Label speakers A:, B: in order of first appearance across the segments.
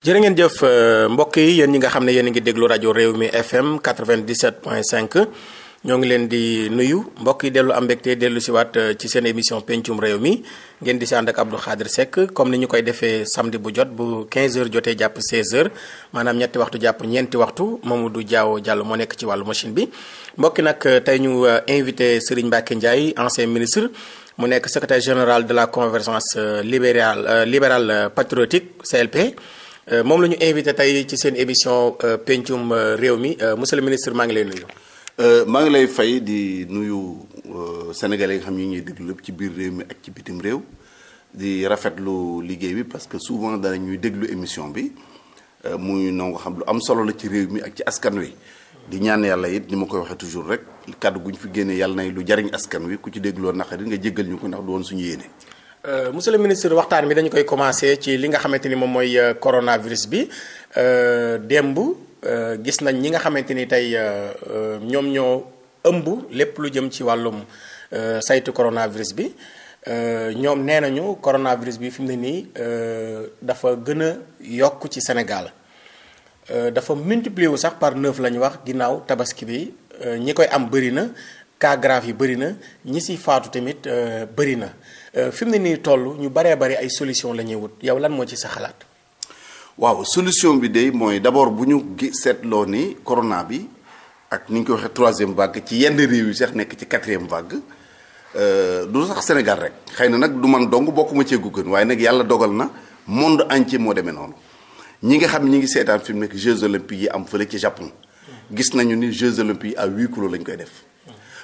A: jërë ngeen jëf euh, mbokk yi yéen ñi nga xam ne yéen a ngi déglu rajo réew mi FM 97.5 ñoo ngi leen di nuyu mbokk yi dellu am mbégte dellu si waat euh, ci seen émission pencum réew mi ngeen di si ànd ak Abdou Khadre Seck comme ni ñu koy defee samedi bu jot bu 15h jotee jàpp 16h maanaam ñetti waxtu jàpp ñeenti waxtu Mamadou Diaw Diallo moo nekk ci wàllu machine bi mbokki nag tey ñu euh, invité Serigne Mbacké Ndiaye ancien ministre. mu nekk secretaire général de la convergence libérale libérale patriotique CLP. Euh, moom la ñu invité tey ci seen émission euh, pencum euh, réew mi monsieur le ministre maa ngi lay nuyu.
B: maa ngi lay fay di nuyu sénégalais yi nga xam ñu ñuy déglu lépp ci biir réew mi ak ci bitim réew di rafetlu liggéey bi parce que souvent dana ñuy déglu émission bi muy noo nga xam lu am solo la ci réew mi ak ci askan wi. di ñaan yàlla it ni ma koy waxee toujours rek kàddu gu ñu fi génnee yàlla nay lu jariñ askan wi ku ci dégloo naqari nga jéggal ñu ko ndax du woon suñu yéene.
A: Euh, monsieur le ministre waxtaan bi dañu koy commencé ci li nga xamante ni moom mooy euh, coronavirus bi euh, démb gis nañ ñi nga xamante ni tey ñoom ñoo ëmb lépp lu jëm ci wàllum saytu coronavirus bi ñoom nee nañu coronavirus bi fi mu ne nii dafa gën a yokk ci Sénégal dafa multiplier wu sax par neuf la ñu wax ginnaaw tabaski bi ñi koy am bëri na cas grave yi bëri na ñi si faatu tamit bëri na. Euh, fi mu ne nii toll ñu baree bari ay solution la ñuy wut yow lan moo ci sa xalaat.
B: waaw solution bi de mooy d'abord bu ñu gi seetloo ni corona bi ak nu ñu ko waxee troisième vague ci yenn réew yi sax nekk ci quatrième vague euh, du sax Sénégal rek xëy na nag du man dong bokkuma cee gën waaye nag yàlla dogal na monde entier moo demee noonu ñi nga xam ñi ngi seetaan fi mu nekk Jeux olympiques yi am fële ci Japon gis nañu ni Jeux olympiques yi à huis lañ koy def.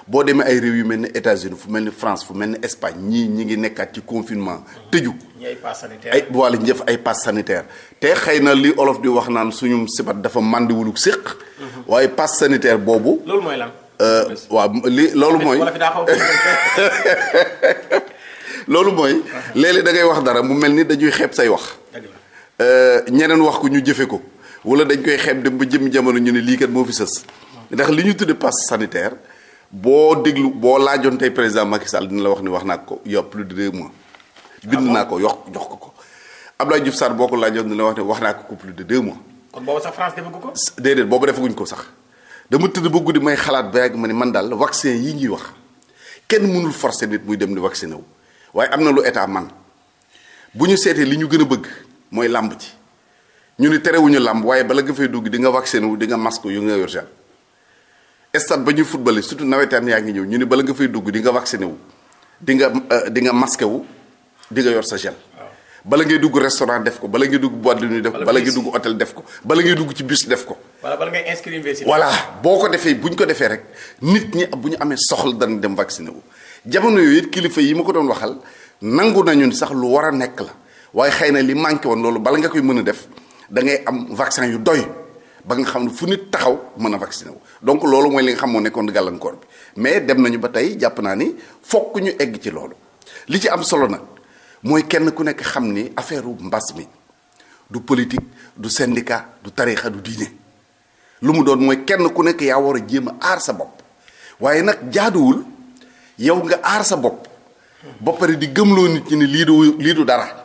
B: boo demee ay réew yu mel ni États-Unis fu mel ni France fu mel ni Espagne ñii ñi ngi nekkaat ci confinement tëju.
A: ñi ay pass sanitaire ay
B: wala ñi def ay te xëy na li olof di wax naan suñu sibat dafa màndiwuluk séq
A: mhm. waaye pass
B: sanitaire boobu. loolu mooy lan. Euh, waaw li loolu mooy. loolu mooy léeg da ngay wax dara mu mel ni dañuy xeeb say wax. Euh, ñeneen wax ko ñu jëfe ko wala dañ koy xeeb dem ba jëm jamono ñu ne lii kat moo fi sës. Mhm. ndax li ñu tudde pass sanitaire. boo déglu boo laajoon tey président Macky Sall dina la wax ni wax naa ko yow plus de deux mois. bind ah naa ko yokk jox ko ko Abdoulaye Diouf Sarr boo ko laajoon dina la wax ne wax naa ko plus de deux mois.
A: kon boobu sax France defagu ko.
B: déedéet boobu defaguñ ko sax dama tëdd ba guddi may xalaat ba yàgg ma ni man daal vaccin yi ñuy wax kenn mënul forcer nit muy dem di vacciné wu waaye am na lu état man bu ñu seetee li ñu gën a bëgg mooy làmb ci ñu ni terewuñu làmb waaye bala nga fay dugg di nga vacciné wu di nga masque yu nga stade ba ñuy footballé surtout nawetaan yaa ngi ñëw ñu ne bala nga fay dugg di nga vacciné wu di nga euh, di nga masqué wu di yor sa gel bala ngay dugg restaurant def ko bala ngay dugg boîte de nuit def ko bala ngay dugg ko bala ngay dugg ci bus def ko. wala bala ngay boo ko defee bu ñu ko defee rek nit ñi bu ñu amee soxla dana dem vacciné jamono yooyu it kilifa yi ma ko doon waxal nangu nañu sax lu war a nekk la waaye xëy na li manqué woon loolu bala nga koy mën a def dangay am vaccin yu doy. ba nga xam ne fu nit taxaw mën a vacciné wu donc loolu mooy li nga xamoo nekkoon gàllankoor bi mais dem nañu ba tey jàpp naa ni fokk ñu egg ci loolu li ci am solo nag mooy kenn ku nekk xam ni affaire mbas mi du politique du syndicat du tarixa du diine lu mu doon mooy kenn ku nekk yaa war a jéem a aar sa bopp waaye nag jaaduwul yow nga aar sa bopp ba di gëm loo nit ñi ne lii du lii du dara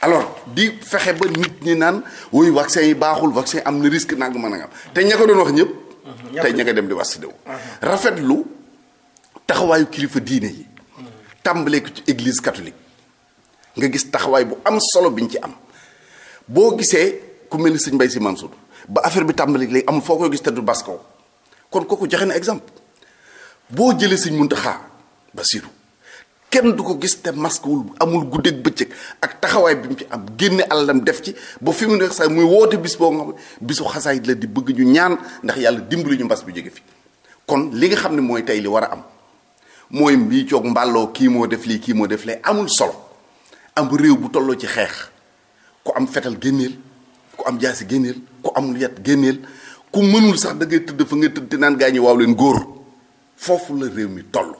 B: alors di fexe ba nit ñi naan woy vaccin yi baaxul vaccin am na risque nangam a nangam te ña ko doon wax ñëpp. Mhm, tey ña nga dem di vacciné wu. Mhm. rafetlu taxawaayu kilifa diine yi. Mhm. tàmbalee ci église catholique nga gis taxawaay bu am solo biñ ci am boo gisee ku mel ni sëñ Mbaye Sy ba affaire bi tàmbali lay amul foo koy gis te du bas kon kooku joxe na exemple boo jëlee sëñ Mountakha Bassirou kenn du ko gis te masque wul amul guddeeg bëccëg ak taxawaay bi mu ci am génne alalam def ci ba fi mu ne sax muy woote bis boo nga bisu xasaay la di bëgg ñu ñaan ndax yàlla dimbali ñu mbas bi jóge fi kon li nga xam ne mooy tey li war a am mooy mbii coog mbàlloo kii moo def lii kii moo def lee amul solo am réew bu tolloo ci xeex ku am fetal génneel ku am jaasi génneel ku amul yat génneel ku mënul sax da tëdd fa nga tëdd te naan gaa ñi waaw leen góor foofu la réew mi toll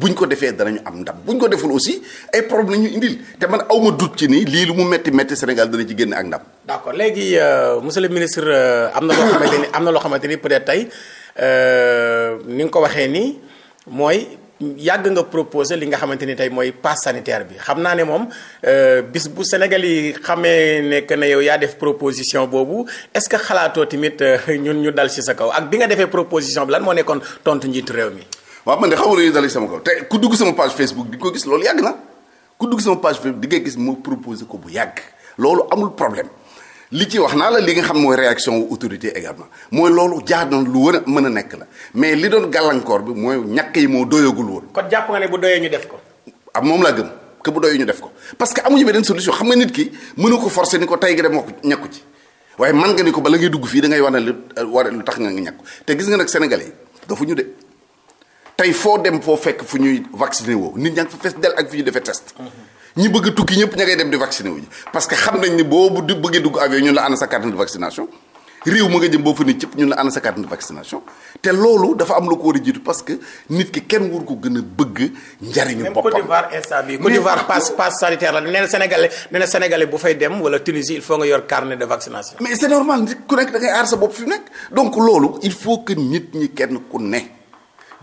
B: bu ñu ko defee danañu am ndam buñ ko deful aussi ay problème ñu indil te man awma dut ci ni lii lu mu metti metti Sénégal dana ci génn ak ndam.
A: d'accord léegi euh, monsieur le ministre euh, am na loo xamante am na loo xamante ni peut-être tey euh, ni nga ko waxee nii mooy. yàgg nga proposé li nga xamante ni tey mooy pass sanitaire bi xam naa ne moom bis bu Sénégal yi xamee ne que ne yow yaa def proposition boobu est-ce que xalaatoo tamit ñun ñu dal ci sa kaw ak bi nga defee proposition bi lan moo nekkoon tontu njiitu réew mi. waaw man de xaw ma ne sama kaw te ku dugg sama page Facebook di ko gis
B: loolu yàgg na ku dugg sama page Facebook di nga gis moo proposé ko bu yàgg loolu amul problème li ci wax naa la li nga xam mooy réaction wu autorité également mooy loolu jaar na lu war a mën nekk la mais li doon gàllankoor bi mooy ñàkk yi moo doyagul woon. kon jàpp nga bu doyee ñu def ko. ah moom laa gëm bu doyee ñu def ko parce que amuñu beneen solution xam nga nit ki mënu ko forcer ni ko tey gi dem ñàkku waaye man nga ni ko bala ngay dugg fii da ngay wane lu war lu tax nga ñàkku te gis nga nag sénégalais yi dafa ñu de. tey foo dem foo fekk fu ñuy vacciné woo nit ñaa ngi fa del ak fu ñuy defee test. ñi bëgg tukki ñëpp ña ngay dem di vacciné wu ñu parce que xam nañ ni boobu di bëggee dugg avion ñun la ana sa carte de vaccination réew ma nga jëm boo fa nit ñëpp ñun la te loolu dafa am lu ko war a que nit ki kenn wur ko gën a bëgg njariñu
A: boppam. Côte d'Ivoire instant bi Côte d'Ivoire passe passe wala Tunisie il yor carnet de vaccination.
B: mais c'est normal nit ku bopp fi mu nekk loolu il faut que nit ñi kenn ku ne.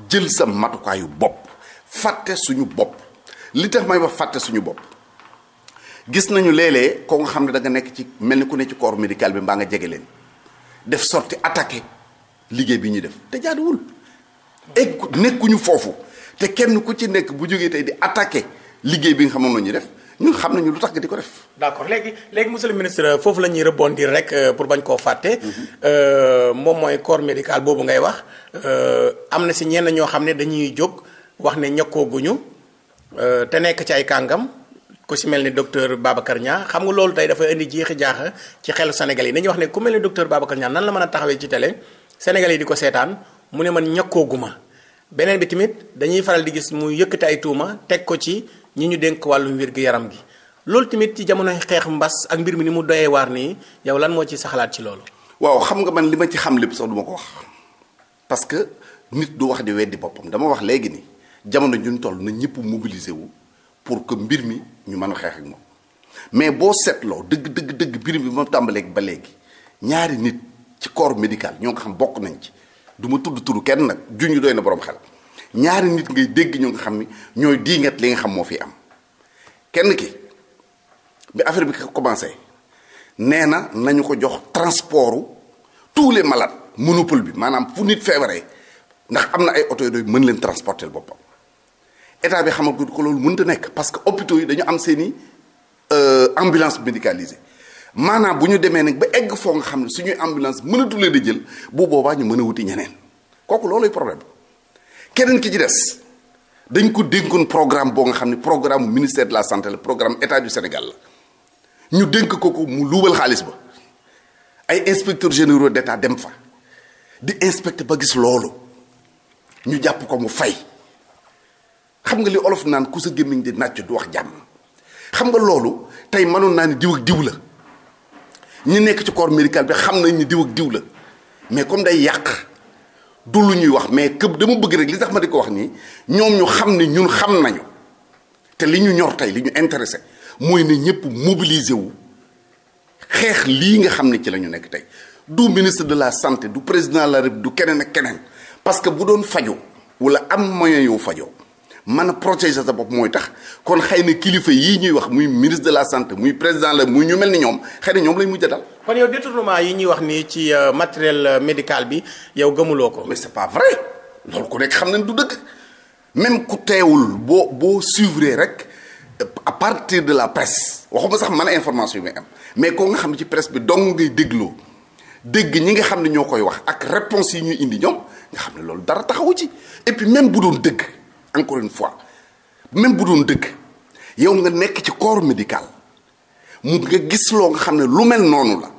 B: jël sa matukaayu bopp fàtte suñu bopp li tax may wax fàtte suñu bopp gis nañu léeg-léeg koo nga xam ne da nga nekk ci mel ni ku ne ci corps médical bi mbaa nga jege leen def sorti attaqué liggéey bi ñuy def te jaaduwul egg nekkuñu foofu te kenn ku ci nekk bu jógee tey di attaqué liggéey bi nga xam moom la ñuy def xam nañu
A: lu di ko def. d'accord léegi léegi monsieur le ministre foofu la ñuy rebondir rek euh, pour bañ koo fàtte. Mhm. Euh, moom mooy corps médical boobu ngay wax euh, am na si ñenn ñoo xam ne dañuy jóg wax ne ñàkkooguñu te nekk ci ay kàngam. ku si mel ni docteur Babacar Niang xam nga loolu tey dafay indi jeexi jaaxa ci xelu senegal yi dañuy wax ne ku mel ni docteur Babacar Niang nan la mën a taxawee ci télé Sénégal yi di ko seetaan mu ne man ma beneen bi tamit dañuy faral di gis mu yëkkati ay tuuma teg ko ci ñi ñu dénk wàllu wér-gu-yaram gi loolu tamit ci jamonoy xeex mbas ak mbir mi ni mu doyee waar nii yow lan moo ci sa xalaat ci loolu.
B: waaw xam nga man li ma ci xam lépp sax du ma ko wax parce que nit du wax di weddi boppam dama wax léegi ni jamono juñ toll na ñëpp mobiliser wu pour que mbir mi ñu mën a xeex ak moom mais boo seetloo dëgg dëgg dëgg mbir mi ma tàmbaleeg ba léegi ñaari nit ci corps médical ñoo nga xam bokk nañ ci du ma tudd turu kenn nag juñu doy na borom xel. ñaari nit ngay dégg ñu nga xam ni ñooy diingat li nga xam moo fi am kenn ki bi affaire bi commencé nee na nañu ko jox transportu tous les malades monopole bi maanaam fu nit feebaree ndax am na ay oto mën leen transporter boppam état bi xamagul ko loolu mënta nekk parce que hôpitaux yi dañu am seeni euh, ambulance médicalisée maanaam bu ñu demee nag ba egg foo nga xam ne suñuy ambulance mënatu leen di jël bu boobaa ñu mën a wuti ñeneen kooku looluy problème keneen ki ci des dañ ko dénkoon programme boo nga xam ne programme ministère de la santé la programme état du Sénégal la ñu dénk ko ko mu luubal xaalis ba ay inspecteurs généraux d'état dem fa di inspecte ba gis loolu ñu jàpp ko mu fay xam nga li olof naan ku sa gémmiñ di nàcc du wax jàmm xam nga loolu tey mënoon naa ni diw ak diw la ñi nekk ci corps médical bi xam nañ ni diw ak diw la mais comme day yàq. du lu ñuy wax mais këpp dama bëgg rek li tax ma di ko wax nii ñoom ñu xam ne ñun xam nañu te li ñu ñor tey li ñu intéressé mooy ne ñëpp mobiliser wu xeex lii nga xam ne ci la ñu nekk tey du ministre de la santé du président de la République du keneen ak keneen parce que bu doon fajoo wala am moyen yow fajoo mën a protéger sa bopp mooy tax kon xëy na kilifa yii ñuy wax muy ministre de la santé muy président la muy ñu mel ni ñoom xëy na ñoom lay mujj a dal.
A: kon yow détournement yi ñuy wax nii ci euh, matériel euh, médical bi yow gëmuloo ko. mais c'est pas vrai loolu ku nekk xam nañ du dëgg même ku teewul boo boo suivre rek
B: à partir de la presse waxuma sax man a information bi am mais koo nga xam ne ci presse bi dong ngay dégloo. dégg ñi nga xam ne ñoo koy wax ak réponse yi ñuy indi ñoom nga xam ne loolu dara taxawu ci puis même bu doon dëgg encore une fois même bu doon dëgg yow nga nekk ci corps médical mu nga gis loo nga xam ne lu mel noonu la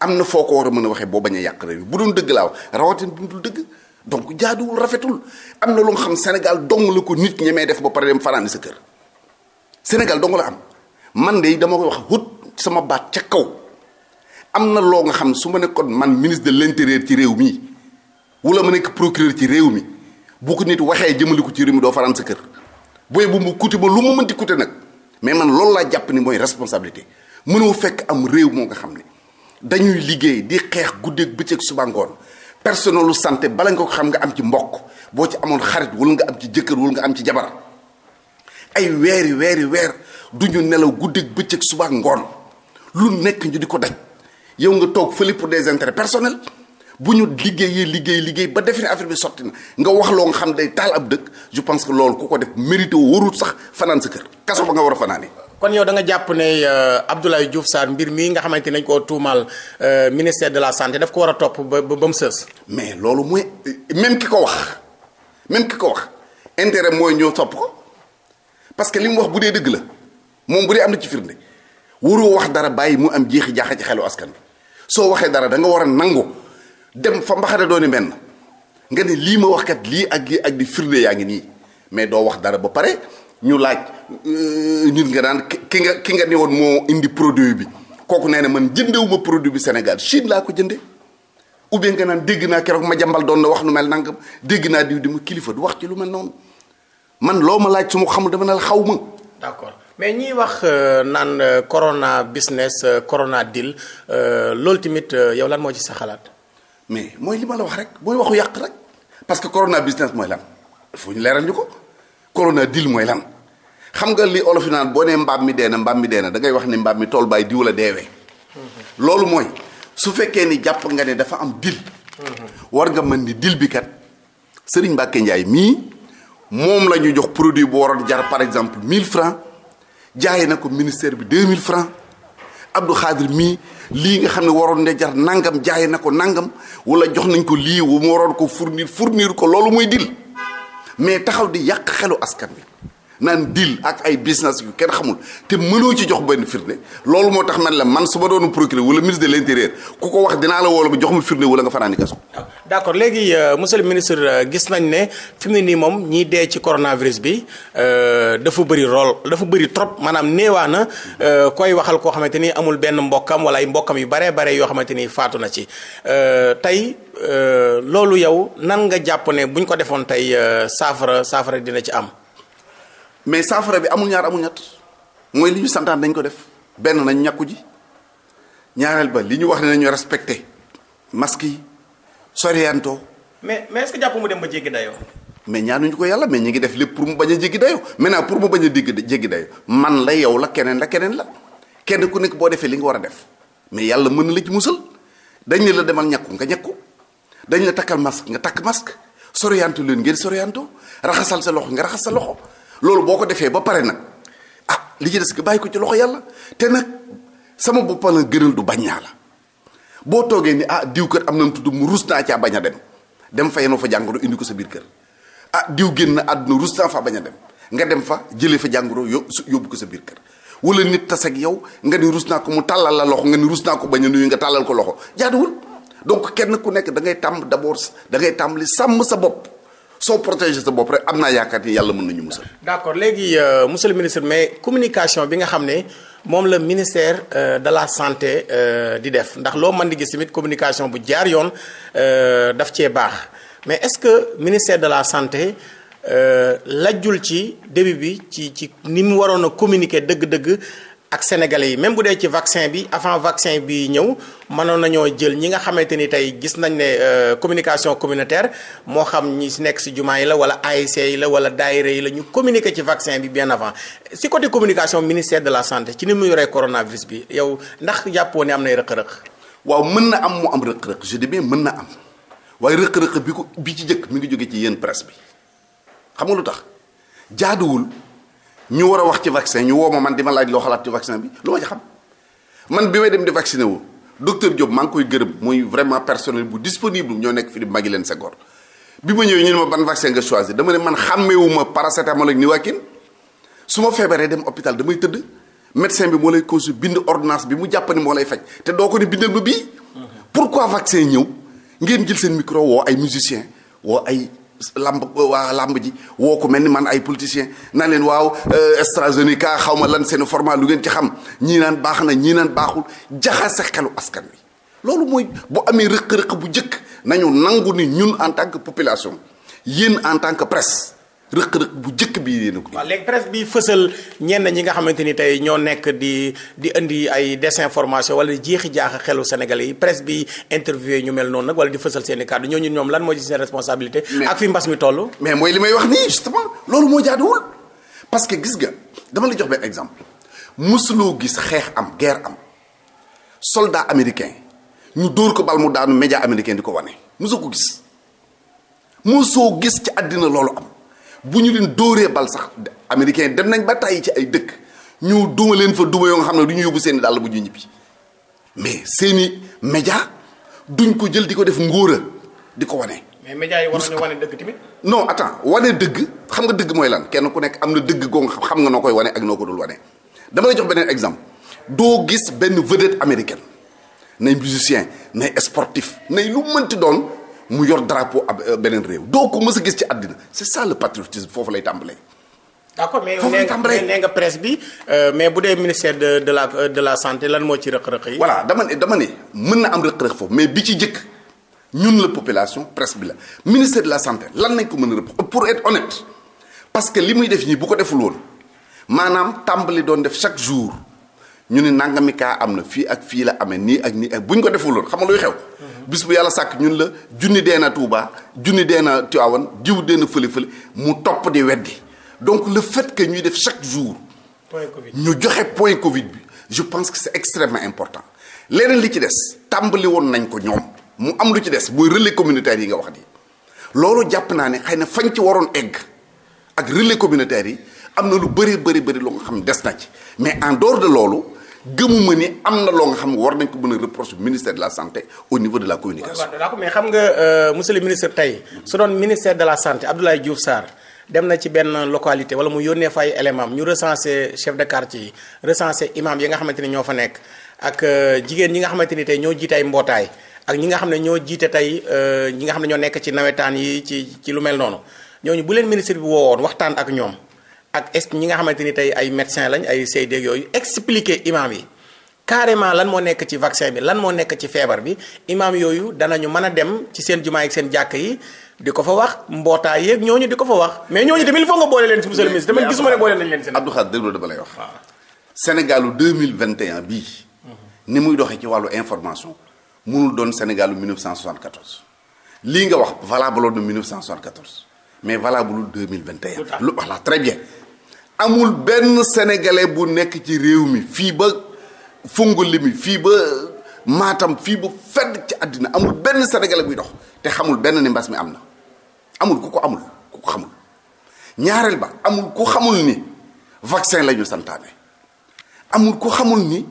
B: am na foo ko war a mën a waxee boo bañ a yàq réew bu doon dëgg laa wax rawatin bu dul dëgg donc jaaduwul rafetul am na lu nga xam Sénégal dong la ko nit ñemee def ba pare dem fanaani sa kër Sénégal dong am man de dama koy wax hut sama baat ca kaw am na loo nga xam su ma nekkoon man ministre de l'intérieur ci réew mi wala ma nekk procureur ci réew mi boo ko nit waxee jëmale ko ci réew mi doo faram sa kër booy bu mu kuti ba lu mu mënti kuti nag mais man loolu laa jàpp ni mooy responsabilité mënoo fekk am réew moo nga xam ne dañuy liggéey di xeex guddeeg bëccëg suba ngoon personnelu santé bala nga ko xam nga am ci mbokk boo ci amoon xarit wala nga am ci jëkkër wul nga am ci jabar ay weeri weeri weer du ñu nelaw guddeeg bëccëg suba ngoon lu nekk ñu di ko daj yow nga toog fa pour des intérêts personnels bu ñu liggéeyee liggéey liggéey ba defe ne affaire bi sotti na nga wax loo nga xam day taal ab dëkk je pense que loolu ku ko def mérité warul sax fanaan sa kër kaso ba nga war a fanaane
A: kon yow da nga jàpp ne euh, Abdoulaye Diouf Sarr mbir mii nga xamante nañ koo tuumaal euh, ministère de la santé daf ko war a topp ba ba mu sës. mais loolu mooy même ki
B: ko wax men ki ko wax intérêt mooy ñëw topp ko parce que li mu wax bu dee dëgg la moom bu dee am na ci firnde waru wax dara bàyyi mu am jeexi jaaxa ci xelu askan bi soo waxee dara da war a nangu. dem fa mbaxare dooni benn nga ne lii ma wax kat lii ak lii ak di firnde yaa ngi nii mais doo wax dara ba pare ñu laaj euh, nit nga naan ki nga ki nga ne woon moo indi produit bi kooku nee na man jëndewuma produit bi Sénégal Chine laa ko jënde ou bien nga naan dégg naa keroog ma jàmbal doon na wax nu mel nangam dégg naa diw di ma kilifa du wax ci lu mel noonu man loo ma laaj su ma xamul dama ne la xaw ma. d'accord
A: mais ñuy wax euh, naan euh, corona business corona deal loolu tamit yow lan moo ci sa xalaat.
B: mais mooy li ma la wax rek
A: mooy waxu yàq rek
B: parce que corona business mooy lan fu ñu leeral ñu ko corona deal mooy lan xam nga li olof naan boo nee mbaam mi dee na mbaam mi dee na da ngay wax ne mbaam mi tool baay diw la deewee loolu mooy su fekkee ni jàpp nga ne dafa am deal war nga mën ni deal bi kat Serigne Mbacke Ndiaye mii moom la ñu jox produit bu waroon jar par exemple mille francs jaayee na ko ministère bi 2000 francs Abdou Khadir mii lii nga xam ne waroon na jar nangam jaay na ko nangam wala jox nañ ko lii wu mu waroon ko fournir fournir ko loolu muy dil mais taxaw di yàq xelu askan bi nan deal ak ay business yu kenn xamul te mënoo ci jox benn firnde loolu moo tax man la man su ma doon procureur wala ministre de l'intérieur ku ko wax dinaa la woo nga
A: jox ma firnde wala nga fanaani kaso. Ah, d'accord léegi euh, monsieur le ministre euh, gis nañ ne fi mu ne nii moom ñiy dee ci coronavirus bi euh, dafa bëri lool dafa bëri trop maanaam néewaa na koy waxal koo xamante ni amul benn mbokkam wala ay mbokkam yu baree bare yoo xamante ni faatu na ci tey loolu yow nan nga jàpp ne buñ ko defoon tey saafara saafara dina ci am. mais saafara bi amul ñaar
B: amul ñett mooy li ñu santaan dañ ko def benn nañ ñàkku ji ñaareel ba li ñu wax ne nañu respecté masque yi sorianto
A: mais mais est-ce que jàpp mu dem ba jéggi dayoo.
B: mais ñaanuñu ko yàlla mais ñu ngi def lépp pour mu bañ a jéggi dayoo pour mu bañ a digg jéggi dayoo man la yow la keneen la keneen la kenn ku nekk boo defee li nga war a def mais yàlla mën na la ci dañ ne la demal ñàkku nga ñàkku dañ la takkal masque nga takk masque sorianto leen ngeen sorianto raxasal sa loxo nga raxas sa loxo. loolu boo ko defee ba pare nag ah li ci des nga bàyyi ko ci loxo yàlla te nag sama bopp la gënal du bañ naa la boo toogee ni ah diw kër am na mu tudd mu rus naa caa bañ a dem dem fa yenoo fa jàngoro indi ko sa biir kër ah diw génn àdduna rus naa fa bañ dem nga dem fa jëlee fa jàngoro yóbbu ko sa biir kër wala nit tas ak yow nga ni rus naa ko mu tàllal la loxo nga ni rus naa ko bañ a nuyu nga tàllal ko loxo jaaduwul donc kenn ku nekk da ngay tàmm d'abord da ngay tàmm li sàmm sa bopp soo protégé sa bopp rek am naa yaakaar ni yàlla mën nañu musal.
A: d'accord léegi euh, monsieur le ministre mais communication bi nga xam ne moom la ministère euh, de la santé euh, di def ndax loo mën di gis tamit communication bu jaar yoon daf cee baax mais est-ce que ministère de la santé. lajjul ci début bi ci ci ni mu waroon a communiquer dëgg-dëgg ak sénégalais yi même bu dee ci vaccin bi avant vaccin bi ñëw mënoon nañoo jël ñi nga xamante ni tey gis nañ ne euh, communication communautaire moo xam ñi nekk si jumaa yi la wala ASC yi la wala daayira yi la ñu communiquer ci vaccin bi bien avant si côté communication ministère de la santé ci ni mu yoree coronavirus bi yow ndax jàppoo ne am na rëq-rëq. waaw mën na am mu am rëq-rëq je dis bien mën na am waaye rëq-rëq bi ko bi ci jëkk mi ngi
B: jóge ci yéen presse bi xam nga lu tax jaaduwul. ñu war a wax ci vaccin ñu woo ma man di ma laaj loo xalaat ci vaccin bi lu ma ci xam man bi may dem di vacciné wu docteur Diop man koy gërëm muy vraiment personnel bu disponible ñoo nekk Philippe Maguilène Senghor bi ma ñëwee ñu ne ma ban vaccin nga choisir dama ne man xàmmeewuma paracétamol ak Nivaquine su ma feebaree dem hôpital damay tëdd médecin bi moo lay cause bind ordinance bi mu jàpp ni moo lay faj te doo ko ni bindal ma bii mmh. pourquoi vaccin ñëw ngeen jël seen micro ay musicien woo ay lamb waa lamb ji woo ko mel ni man ay politicien naan leen waaw euh, AstraZeneca xaw ma lan seen forma lu ngeen ci xam ñii naan baax na ñii naan baaxul jaxase xelu askan wi loolu mooy bu amee rëq-rëq bu njëkk nañu nangu ni ñun en tant que population yéen en tant que presse rëq-rëq bu jëkk bii yéen a ko.
A: waaw léegi bi fësal ñenn ñi nga xamante ni tey ñoo nekk di di indi ay désinformation wala jeexi jaaxa xelu sénégal yi presse bi interviewé ñu mel noonu nag wala di fësal seen i ñoo ñu ñoom lan moo ci seen responsabilité. ak fi mbas mi toll. mais mooy li may wax nii
B: justement loolu moo jaaduwul parce que gis ga dama la jox benn exemple mosuloo gis xeex am guerre am solda américain ñu dóor ko bal mu daanu média américain di ko wane mosoo ko gis ci àddina loolu am. bu ñu leen dóoree bal sax américain dem nañ ba tàyyi ci ay dëkk ñu duma leen fa duma yoo nga xam ne du ñu yóbbu seen dàll bu ñu ñibbi mais seen i média duñ ko jël di ko def ngóora di ko wane.
A: mais média yi war nañu wane dëgg tamit.
B: non attends wane dëgg xam nga dëgg mooy lan kenn ku nekk am na dëgg goo xam nga noo koy wane ak noo ko dul wane damay jox beneen exemple doo gis benn vedette américaine nay musicien nay sportif nay lu mënti doon. mu yor drapeau ab euh, beneen réew doo
A: ko mës gis ci àddina c'est ça le patriotisme foofu lay tàmbalee. d'accord mais nee nga presse bi euh, mais bu dee ministère de de la euh, de la santé lan moo ci rëq-rëq yi. voilà dama ne dama ne
B: mën na am rëq-rëq foofu mais bi ci jëkk ñun la population presse bi la ministère de la santé lan nañ ko mën a rëpp pour être honnête parce que li muy def ñii bu ko deful woon maanaam tàmbali doon def chaque jour ñu ne nangami kaa am na fii ak fii la amee nii ak nii bu ñu ko deful woon xam nga luy xew. bis bu yàlla sàkk ñun la junni dee na Touba junni dee na Tivaouane diw dee na fële fële mu topp di weddi donc le fait que ñuy def chaque jour. point Covid ñu joxe point Covid bi je pense que c'est extrêmement important leneen li ci des tàmbali woon nañ ko ñoom mu am lu ci des mooy relais communautaire yi nga wax nii. loolu jàpp naa ne xay na fañ ci waroon egg ak relais communautaire yi am na lu bëri bëri bëri lu nga xam des na ci mais en dehors de loolu. gëmuma ni am na loo nga xam nga war nañ ko mën a reproche la santé au niveau de la communication.
A: waaw mais xam nga euh, monsieur le ministre tey su doon ministère de la santé Abdoulaye Diouf saar dem na ci benn localité wala mu yónnee fay ay ñu recensé chef de quartier yi recensé imam yi nga xamante ni ñoo fa nekk ak euh, jigéen ñi nga xamante ni tey ñoo jiite ay mbootaay ak ñi nga xam ne ñoo jiite tey euh, ñi nga xam ne ñoo nekk ci nawetaan yi ci ci lu mel noonu ñooñu bu leen ministre bi woon waxtaan ak ñoom. ak est ñi nga xamante ni tey ay médecin lañ ay CD yooyu expliquer imam yi carrément lan moo nekk ci vaccin bi lan moo nekk ci feebar bi imam yooyu dana ñu mën a dem ci seen jumaa ak seen jàkk yi di ko fa wax mbootaay yeeg ñu di ko fa wax mais ñooñu tamit il faut nga boole leen ci monsieur le ministre tamit gisuma ne
B: boole nañ leen seen Abdou Khadre déglu dama wax Sénégalu 2021 bii ni muy doxee ci wàllu information mënul doon Sénégalu 1974 lii nga wax valable woon na 1974 mais valable 2021 lu voilà très bien amul benn sénégalais bu nekk ci réew mi fii ba Fongolimi fii ba maatam fii bu fedd ci àddina amul benn sénégalais buy dox te xamul benn ni mbas mi am na amul ku ko amul ku ko xamul ñaareel ba amul ku xamul ni vaccin la santaane amul ku xamul ni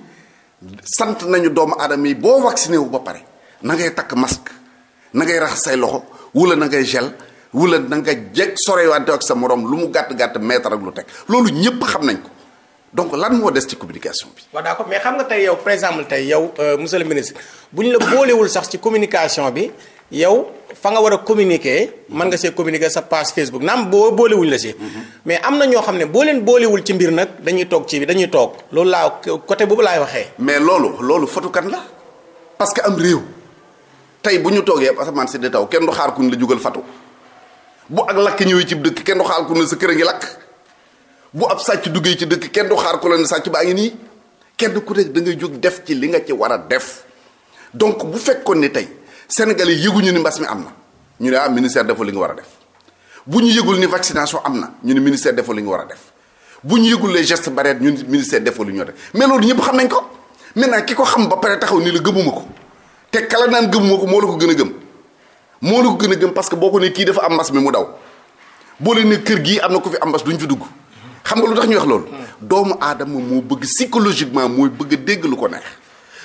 B: sant nañu doomu aadama yi boo vacciné wu ba pare na ngay takk masque na ngay raxas say loxo wula na ngay gel wula na nga jeg sorewante ak sa moroom lu mu gàtt gàtt mètre ak lu teg loolu ñëpp xam nañ ko
A: donc lan moo des ci communication bi. daa ko mais xam nga tey yow par exemple tey yow euh, monsieur le ministre bu ñu la boolewul sax ci communication bi yow fa nga war a communiquer. mën nga see communiquer sa page Facebook naam boo boolewuñ la si. Mhm. mais am na ñoo xam ne boo leen boolewul ci mbir nag dañuy toog ci bi dañuy toog. loolu laa côté boobu laay waxee. mais loolu loolu fotukan la
B: parce que am réew tey bu ñu toogee asamaan si di taw kenn du xaar la jugal fatu bu ak lakk ñëwee ci dëkk kenn du xaar ku ne sa kër a ngi lakk bu ab sàcc duggee ci dëkk kenn du xaar ku ne sàcc baa ngi nii kenn ku nekk da ngay jóg def ci li nga ci war a def donc bu fekkoon ni tey sénégalais yëguñu ni mbas mi am na ñu ne am ah ministère deful li nga war a def bu ñu yëgul ni vaccination am na ñu ne ministère deful li nga war a def bu ñu yëgul les gestes barrières ñu ne ministère deful li ñu war a def mais loolu ñëpp xam nañ ko maintenant ki ko xam ba pare taxaw ni la gëmuma ko te kala naan gëmuma ko moo la ko gën a gëm. moo la ko gën a gëm parce que boo ko ne kii dafa am mbas mi mu daw boo leen ne kër gii am na ko fi am mbas ñu fi dugg xam nga lu tax ñu wax loolu doomu aadama moo bëgg psychologiquement mooy bëgg dégg lu ko neex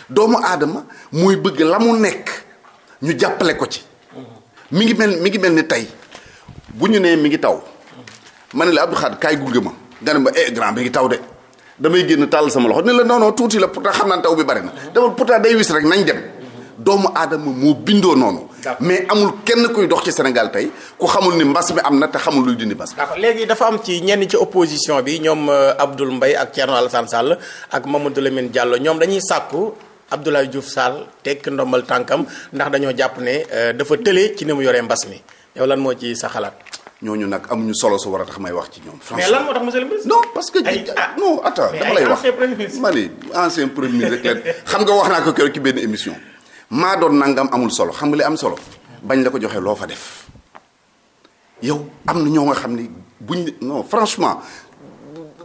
B: doomu aadama mooy bëgg la mu nekk ñu jàppale ko ci mi ngi mel mi ngi mel ni tey bu ñu nee mi ngi taw ma ne la Abdou Khadre kaay gunge ma nga ne ma eh grand bi ngi taw de damay génn tàll sama loxo ne la non tuuti la pourtant xam naa taw bi bari na dama pourtant day wis rek nañ dem doomu aadama moo bindoo noonu. mais amul kenn kuy dox ci Sénégal tey ku xamul ni mbas mi am na te xamul luy dindi mbas
A: mi. léegi dafa am ci ñenn ci opposition bi ñoom euh, Abdoul mbay ak Thierno Alassane Sall ak Mamadou Lamine Diallo ñoom dañuy sàkku. Abdoulaye Diouf Sall tekk ndombal tànkam ndax dañoo jàpp ne euh, dafa tële ci ni mu yoree mbas mi yow lan moo ci sa xalaat.
B: ñooñu nag amuñu solo su war a tax may wax ci ñoom. franchement mais lan
A: moo tax monsieur que ah,
B: ay lay wax mais ancien premier ministre. ma ne nga wax naa ko keroog ci benn émission. maa doon nangam amul solo xam nga li am solo bañ la ko joxe loo fa def yow am na ñoo nga xam ni buñ non franchement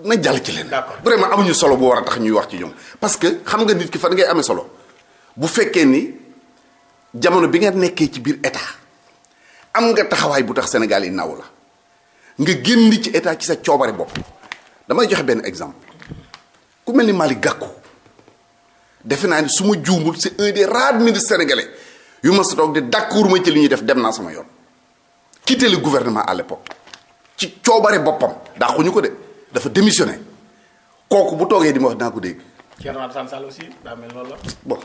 B: na jàll ci leen. amuñu solo bu war a tax ñuy wax ci ñoom. parce que xam nga nit ki fan ngay amee solo bu fekkee ni jamono bi nga nekkee ci biir état am nga taxawaay bu tax Sénégal yi naw la nga génn ci état ci sa coobare bopp damay joxe benn exemple ku mel ni mali Gakou defe naa ni su ma juumul c'est un des rares ministres yu ma sa toog di d'accord ma ci li ñuy def dem naa sama yoon quitté le gouvernement à l'époque ci coobare boppam dàquñu ko de dafa démissionné
A: kooku bu toogee di ma wax dinaa ko dégg. Thierno Alassane Sall aussi daa mel loolu la. bon.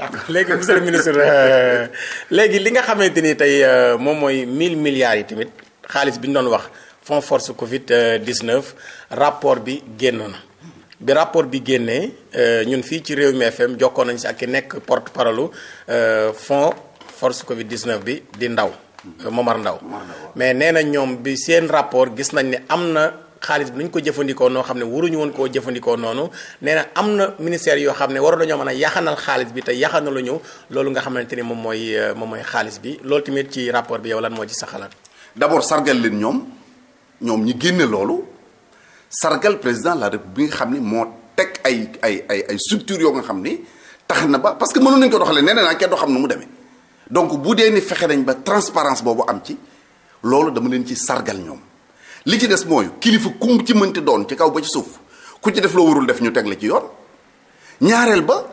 A: Euh, léegi li nga xamante ni tey euh, moom mooy 1000 milliards yi tamit xaalis bi ñu doon wax fonds force Covid 19 euh, rapport bi génn na. bi rapport bi génnee euh, ñun fii ci réew Rewmi FM jokkoon nañ si ak ki nekk porte parole euh, fonds force Covid 19 bi di Ndaw euh, Momar Ndaw mais nee na ñoom bi seen rapport gis nañ ni am na xaalis bi ñu ko jëfandikoo noo xam ne waruñu woon koo jëfandikoo noonu nee na am na ministère yoo xam ne waroon nañoo mën a yaxanal xaalis bi te yaxanaluñu loolu nga xamante ne moom mooy moom mooy xaalis bi loolu tamit ci rapport bi yow lan moo ci sa xalaat.
B: d'abord sargal leen ñoom ñoom ñi génne loolu. sargal président de la république bi nga xam ni moo teg ay ay ay ay structure yoo nga xam ni tax na ba parce que mënoon nañu ko doxale neneen naa kenn doo xam na mu deme donc bu dee ni fexe dañ ba transparence boobu am ci loolu dama leen ci sargal ñoom li ci des mooy kilifa ku ci mënti doon ci kaw ba ci suuf ku ci def loo warul def ñu teg la ci yoon ñaareel ba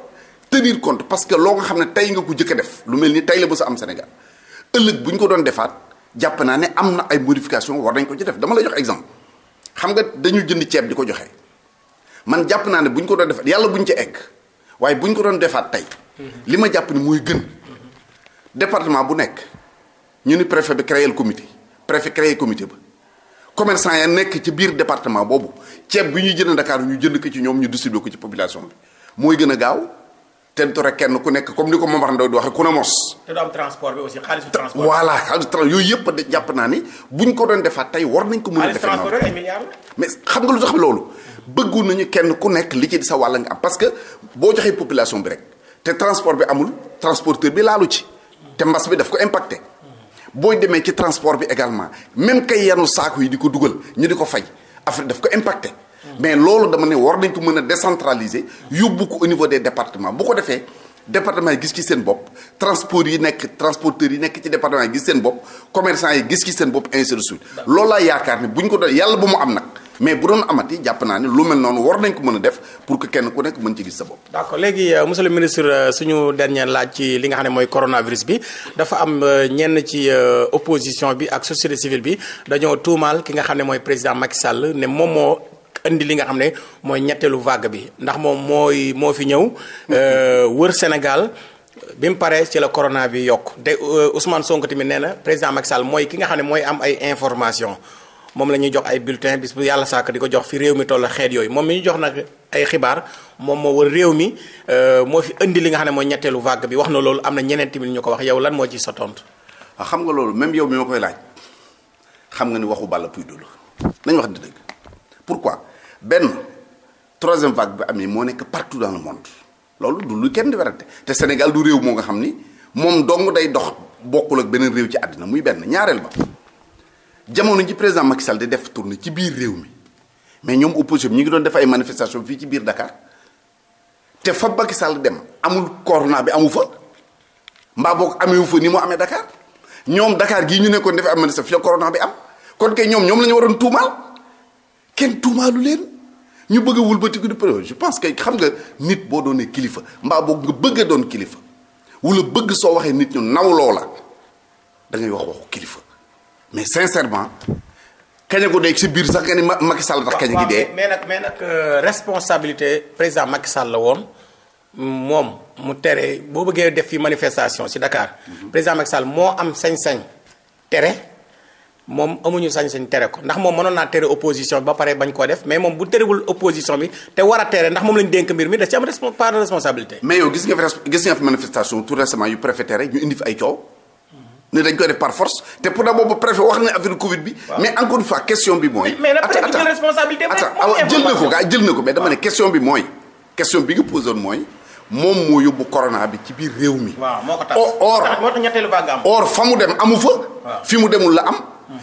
B: tenir compte parce que loo xam ne tey nga ko jëkk def lu mel ni tey la ba sa am Sénégal ëllëg bu ñu ko doon defaat jàpp naa ne am na ay modification war nañ ko ci def dama la jox exemple xam nga dañu jënd ceeb di ko joxe man jàpp naa ne bu ñu ko doon defaat yàlla bu ñu ca egg waaye bu ñu ko doon defaat tey. Mhm. li ma jàpp ni mooy gën. Mhm. département bu nekk ñu ni préfet bi créé comité préfet créé comité bi commerçant ya nekk ci biir département boobu ceeb bi ñuy jënd Dakar ñu jënd ko ci ñoom ñu distribué ko ci population bi mooy gën a gaaw. ten tora kenn ku nekk comme ni ko Momar Ndao di waxee ku ne mos.
A: te du am transport bi aussi xaalisu
B: yëpp jàpp naa ni buñ ko doon defaat tey war nañ ko mën a. defee noonu
A: xaalis
B: transport xam nga lu tax loolu. bëggu nañu kenn ku nekk li ci di sa wàll nga am parce que boo joxee population bi rek te transport bi amul transporteur bi laalu ci. te mbas bi daf ko impacté. booy demee ci transport bi également même kay yanu saako yi di ko dugal ñu di ko fay Afrique daf ko impacté. mais loolu dama ne war nañ ko mën a décentraliser yóbbu ko au niveau des départements bu ko defee département yi gis ci seen bopp transport yi nekk transporteurs yi nekk ci département yi gis seen bopp commercant yi gis ci seen bopp ainsi de suite loolu laa yaakaar ñu ko doon yàlla bu mu am nag mais bu doon amati jàpp naa ne lu mel noonu war nañ ko mën a pour que kenn ku nekk mën ci gis sa bopp. d'
A: accord léegi euh, monsieur le ministre euh, suñu dernier laaj ci li nga xam ne mooy coronavirus bi dafa am euh, ñenn ci opposition bi ak société civile bi dañoo tuumaal ki nga xam ne mooy président Macky Sall ne moom moo indi li nga xam ne mooy ñetteelu vague bi ndax moom mooy moo fi ñëw euh, wër Sénégal bi mu paree ci la corona bi yokk de euh, Ousmane Sonko tamit nee na président Macky Sall mooy ki nga xam ne mooy am ay information moom la ñuy jox ay bulletin bis bu yàlla sàkk di ko jox fi réew mi toll xeet yooyu moom mi ñu jox nag ay xibaar moom moo war réew mi euh, moo fi indi li nga xam ne mooy ñetteelu vague bi wax na loolu am na ñeneen tamit ñu ko wax yow lan moo ci sa tontu. Ah, xam nga loolu même yow mi koy laaj
B: xam nga ni waxu Balla Pouye la nañ benn troisième vague bi amee moo nekk partout dans le monde loolu du lu kenn di werante te Sénégal du réew moo nga xam ni moom dong day dox bokkul ak beneen réew ci àddina muy benn ñaareel ba jamono ji président Macky Sall di def tournée ci biir réew mi mais ñoom opposition bi ñu ngi doon def ay manifestation fii ci biir Dakar te fa Macky Sall dem amul corona bi amu fa mbaa boog amewu fa ni mu amee Dakar ñoom Dakar gii ñu nekkoon def ay manifestation fi bi am kon kay ñoom ñoom la ñu waroon kenn tuumaalu leen ñu bëgg a wëlbatiku di pré je pense que xam nga nit boo doonee kilifa mbaa boog nga bëgg doon kilifa wala bëgg soo waxee nit ñu nawloo la da wax waxu kilifa mais sincèrement kañ ko dee si biir sax nga ni Macky Sall tax kañ gi dee.
A: mais nag mais nag euh, responsabilité président Macky Sall la woon moom mu tere boo bëggee def fi manifestation si Dakar mhm. président Macky moo am sañ-sañ tere. moom amuñu sañ-sañ tere ko ndax moom mënoon naa tere opposition bi ba pare bañ koo def mais moom bu terewul opposition bi te war a tere ndax moom lañ dénk mbir mi da ci am responsabilité. mais yow gis nga fi gis nga fi
B: manifestation tout ay coow. ne par force te pour d'abord ba préfet wax na ko Covid bi. mais encore mooy. mais
A: na préfet jël responsabilité ah, jël na ko
B: gaa jël na ko mais dama ne question bi mooy. question bi nga posé woon mooy moom moo yóbbu corona bi ci biir réew mi. waaw or or fa mu dem amu fa. fi mu demul la am.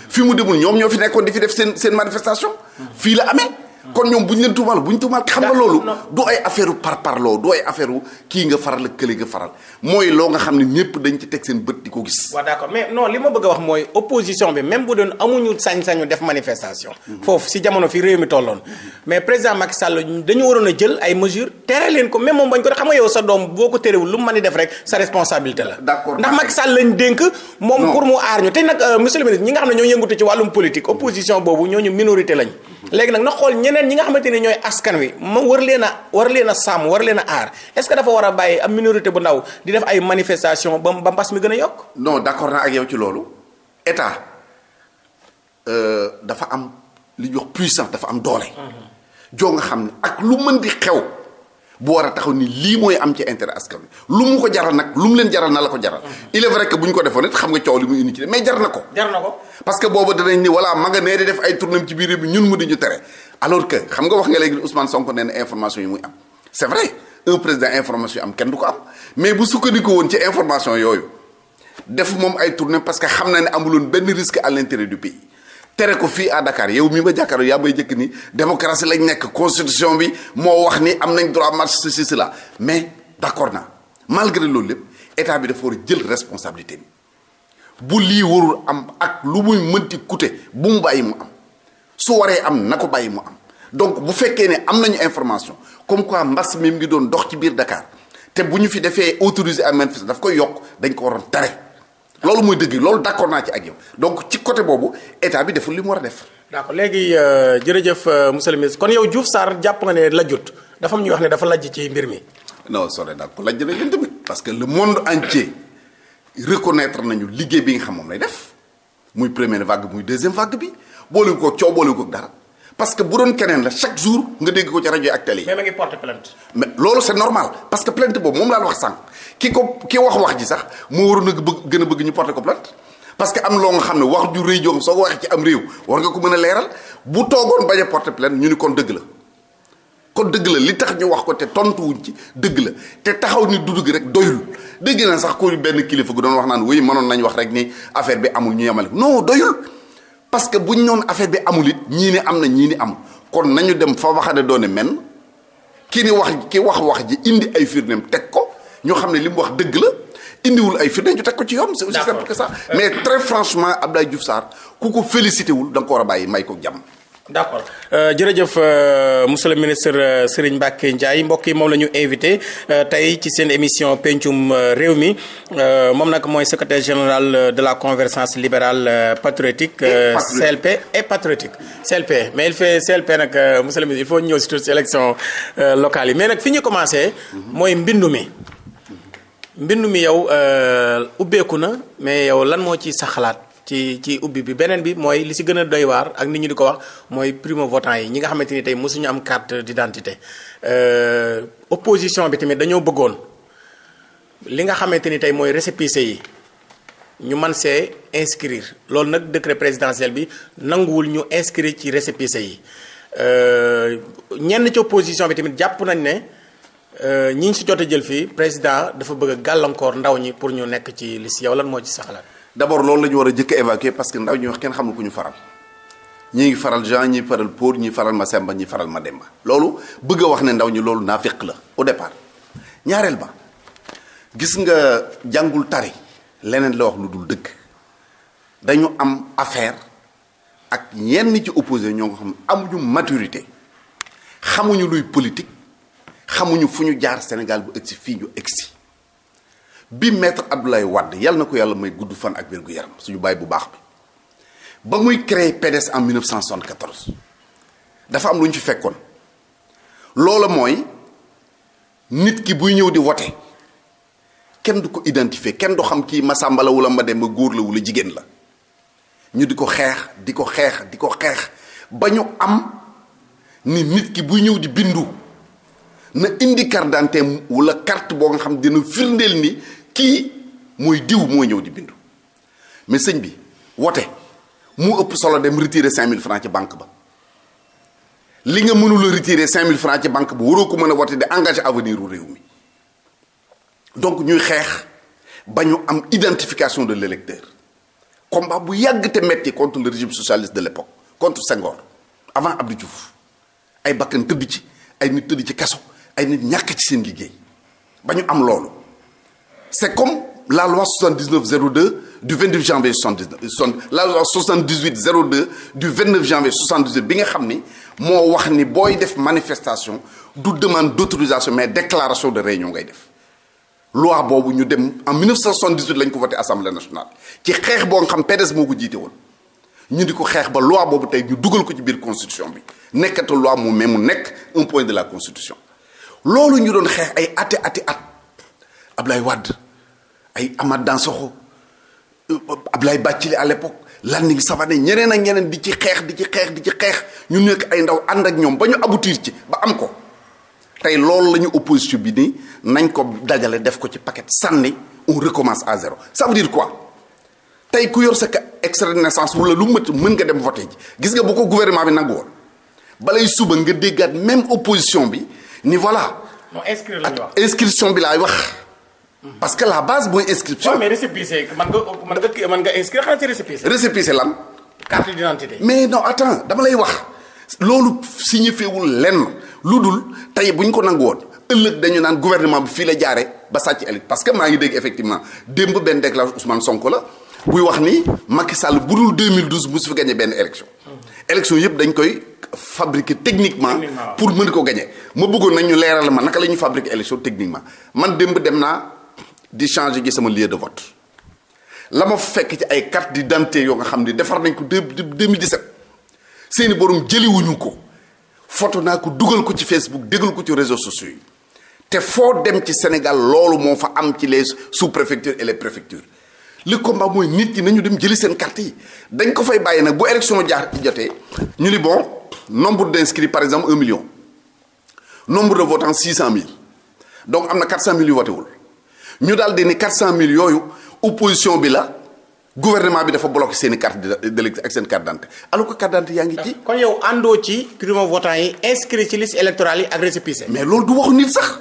B: fi mu demul ñoom ñoo fi nekkoon di def seen seen manifestation. fii la amee. kon ñoom bu ñu leen tuumaal bu ñu tuumaal xam nga loolu du ay affaire par parloo du ay affaire kii nga faral ak kële nga faral mooy loo nga xam ne ñëpp dañ ci teg seen bët di ko gis
A: waaw mais li ma bëgg wax mooy opposition bi même bu doon amuñu sañ-sañu def manifestation mhm. foofu si jamono fi réew mi tolloon mhm. mais président Macky Sall dañu waroon a jël ay mesures tere leen ko même moom bañ ko xam nga yow sa doom boo ko terewul lu mu mën a def rek sa responsabilité la d'accord ndax Macky Sall lañ dénk moom pour mu euh, xam ne ñoo yëngatu ci wàllum politique opposition boobu ñooñu minorité lañ mhm. léegi nag leen ñi nga xamante ne ñooy askan wi ma war leen a war leen a sàmm war leen a aar est-ce que dafa war a bàyyi am minorité bu ndaw di def ay manifestation ba ba mbas mi gën a yokk non d'accord na ak yow loolu état
B: euh, dafa am li ñuy wax puissance dafa am doole mm-hmm. joo nga xam ne ak lu mën di xew bu ni lii mooy am ci intérêt askan wi lu mu ko jaral lu mu leen jaral na la ko jaral. Mm-hmm. il est bu ñu ko defoon it xam nga coow li muy indi na ko. jar na ko parce que boobu danañ ni voilà ma nee di def ay tournem ci biir bi ñun mu di ñu tere alors que xam nga wax nga léegi Ousmane Sonko nee na information yi muy am c'est vrai un président information yi am kenn du ko am mais bu sukkandiku woon ci information yooyu def moom ay tournée parce que xam na ne amuloon benn risque à l'intérieur du pays tere ko fii à Dakar yow mii ma jàkkaarloo yaa may jëkk ni démocratie lañ nekk constitution bi moo wax ni am nañ droit si ceci la mais d'accord na malgré loolu lépp état bi dafa war a jël responsabilité bi bu lii am ak lu muy mënti coûter bu mu bàyyi mu am su waree am na ko bàyyi mu am donc bu fekkee ne am nañu information comme quoi mbas mi ngi doon dox ci biir dakaar te bu ñu fi defee autorisé à manifester dafa koy yokk dañ ko waroon tere loolu muy dëgg loolu d'accord naa ci ak yow donc ci côté
A: boobu état bi deful li mu war a def. d'accord léegi euh, jërëjëf euh, monsieur le ministre kon yow Diouf Sarr jàpp nga ne lajjut dafa am ñuy wax ne dafa lajj ci mbir mi.
B: non sore naa ko lajj na yéen tamit parce que le monde entier reconnaître nañu liggéey bi nga xam moom lay def muy première vague muy deuxième vague bi. boolewu ko coow boolewu ko dara parce que bu doon keneen la chaque jour nga dégg ko ci rajo ak télé yi. mais ma ngi porte plainte. loolu c'est normal parce que plainte boobu moom laa wax sànq ki ko ki wax wax ji sax moo waroon a gën a bëgg ñu porte ko plainte. parce que am loo nga xam ne wax ju rëy joo soo ko waxee ci am réew war nga ko mën a leeral bu toogoon bañ a porte plainte ñu ni kon dëgg la kon dëgg la li tax ñu wax ko te tontuwuñ ci dëgg la te taxaw ni dudd gi rek doyul dégg naa sax ku benn kilifa gu doon wax naan oui mënoon nañ wax rek ni affaire bi amul ñu yemale non doyul. parce que bu ñu noon affaire bi amul it ñii ni am na ñii ni am kon nañu dem fa waxane doone men ki ni wax ki wax wax ji indi ay firndeem teg ko ñu xam ne li mu wax dëgg la indiwul ay firndeem ñu teg ko ci yoon. c'est aussi simple que mais très franchement Abdoulaye Diouf Sarr ku ko félicité wul da nga ko war a bàyyi may ko jàmm.
A: d' accord euh, jërëjëf euh, monsieur le ministre euh, Serigne Mbacke Ndiaye mbokk yi moom la ñu invité tey ci seen émission pencum réew mi moom nag mooy secretaire général de la convergence libérale patriotique CLP et patriotique CLP mais il fait CLP nag monsieur le ministre il faut ñëw surtout si élection locale yi mais nag fi ñu commencé mooy mbindu mi mbindu mi yow ubbeeku na mais yow lan moo ci sa xalaat ci ci ubbi bi beneen bi mooy li si gën a doy ak nit ñu di ko wax mooy primo votant yi ñi nga xamante ni tey mosuñu am carte d'identité euh, opposition bi tamit dañoo bëggoon li nga xamante ni tey mooy récépissé yi ñu man see inscrire loolu nag décret présidentiel bi nanguwul ñu inscrire ci récépissé yi euh, ñenn ci opposition bi tamit jàpp nañ ne euh, ñi ñu si jot a jël fii président dafa bëgg gàllankoor ndaw ñi pour ñu nekk ci liste yow lan mooy ci sa d'abord loolu la ñu war a jëkk évacuer parce que ndaw ñi wax
B: kenn xamul ku ñu faral ñii ngi faral Jean ñii faral Paul ñii faral Masamba ñii faral Mademba loolu bëgg a wax ne ndaw ñi loolu naa féq la au départ ñaareel ba gis nga jàngul tari leneen la wax lu dul dëkk dañu am affaire ak ñenn ci opposé ñoo nga xam amuñu maturité xamuñu luy politique xamuñu fu ñu jaar Sénégal bu egsi fii ñu egsi bi maître Abdoulaye Wade yàlla na ko yàlla may gudd fan ak wérgu yaram suñu bàyyi bu baax bi ba muy créer PDS en 1974 dafa am lu ñu fi fekkoon loola mooy nit ki buy ñëw di wote kenn du ko identifier kenn du xam kii Masamba la wala Mademba góor la wala jigéen la ñu di ko xeex di ko xeex di ko xeex ba ñu am ni nit ki buy ñëw di bindu na indi carte d'identité wala carte boo nga xam dina firndeel ni kii mooy diw mooy ñëw di bindu mais sëñ bi wote mu ëpp solo dem retirer mille francs ci banque ba li nga mënula retirer 5000 francs ci banque ba waroo ko mën a wote di engagé avenir u réew mi donc ñuy xeex ba ñu am identification de l'électeur combat bu yàgg te metti contre le régime socialiste de l'époque contre Senghor avant Abdou Diouf ay bakkan tëdd ci ay nit tëdd ci kaso ay nit ñàkk ci seen liggéey ba ñu am loolu c'est comme la loi 79-02 du 29 janvier 79 la loi 78-02 du 29 janvier 78 bi nga xam ni moo wax ni booy def manifestation du demande d'autorisation mais déclaration de réunion ngay def loi boobu ñu dem en 1978 lañ ko voté assemblée nationale ci xeex boo nga xam PDS moo ko jiite woon ñu di ko xeex ba loi boobu tey ñu dugal ko ci biir constitution bi nekkatu loi mu mais mu nekk un point de la constitution loolu ñu doon xeex ay ati ati at Ablaye Wade ay ab Dansokho Ablaye Bathily à l'époque Landing Savané ñeneen ak ñeneen di ci xeex di ci xeex di ci xeex ñu nekk ay ndaw ànd ak ñoom ba ñu aboutir ci ba am ko tey loolu lañu ñu opposition bi nii nañ ko dajale def ko ci paket sànni on recommence à zéro ça veut quoi tey ku yor sa extrait de naissance wala lu mët mën nga dem voté ji gis nga bu ko gouvernement bi nag woon balay suba nga déggaat même opposition bi ni voilà.
A: non inscrire la ñu wax
B: inscription bi laay wax. parce que la base mooy inscription. waaw mais récépissé man nga man nga man nga inscrire xanaa dama lay wax loolu signifié wul lenn lu dul tey bu ñu ko nangu woon ëllëg dañu naan gouvernement bi fii la jaare ba sàcc ëllëg parce que maa ngi dégg effectivement démb benn déclaration Ousmane Sonko la buy wax ni Macky Sall bu dul 2012 mu su fi gagné benn élection. Hmm. élection yëpp dañ koy fabriquer techniquement. pour mën ko gagné. ma bëggoon nañ ñu leeral ma naka lañuy ñuy fabriquer élection techniquement man démb dem naa. di changer gi sama lieu de vote la ma fekk ci ay carte d'identité yoo nga xam ni defar nañ ko depuis 2017 seeni borom jëliwuñu ko foto naa ko dugal ko ci Facebook déggal ko ci réseau sociaux yi te foo dem ci Sénégal loolu moo fa am ci les sous-préfectures et les préfectures le combat mooy nit ñi nañu dem jëli seen carte yi dañ ko fay bàyyi nag bu élection jaar jotee ñu ni bon nombre d'inscrits par exemple un million nombre de votants six cent mille donc am na quatre cent mille wul ñu daal di ni 400000 yooyu opposition bi la gouvernement bi dafa bloqué seen i carte d'électeur ak seen carte d'identité alors que carte d'identité yaa ngi ci. kon yow àndoo ci primo votant yi inscrit ci liste électorale yi ak récépissé. mais loolu du waxu nit sax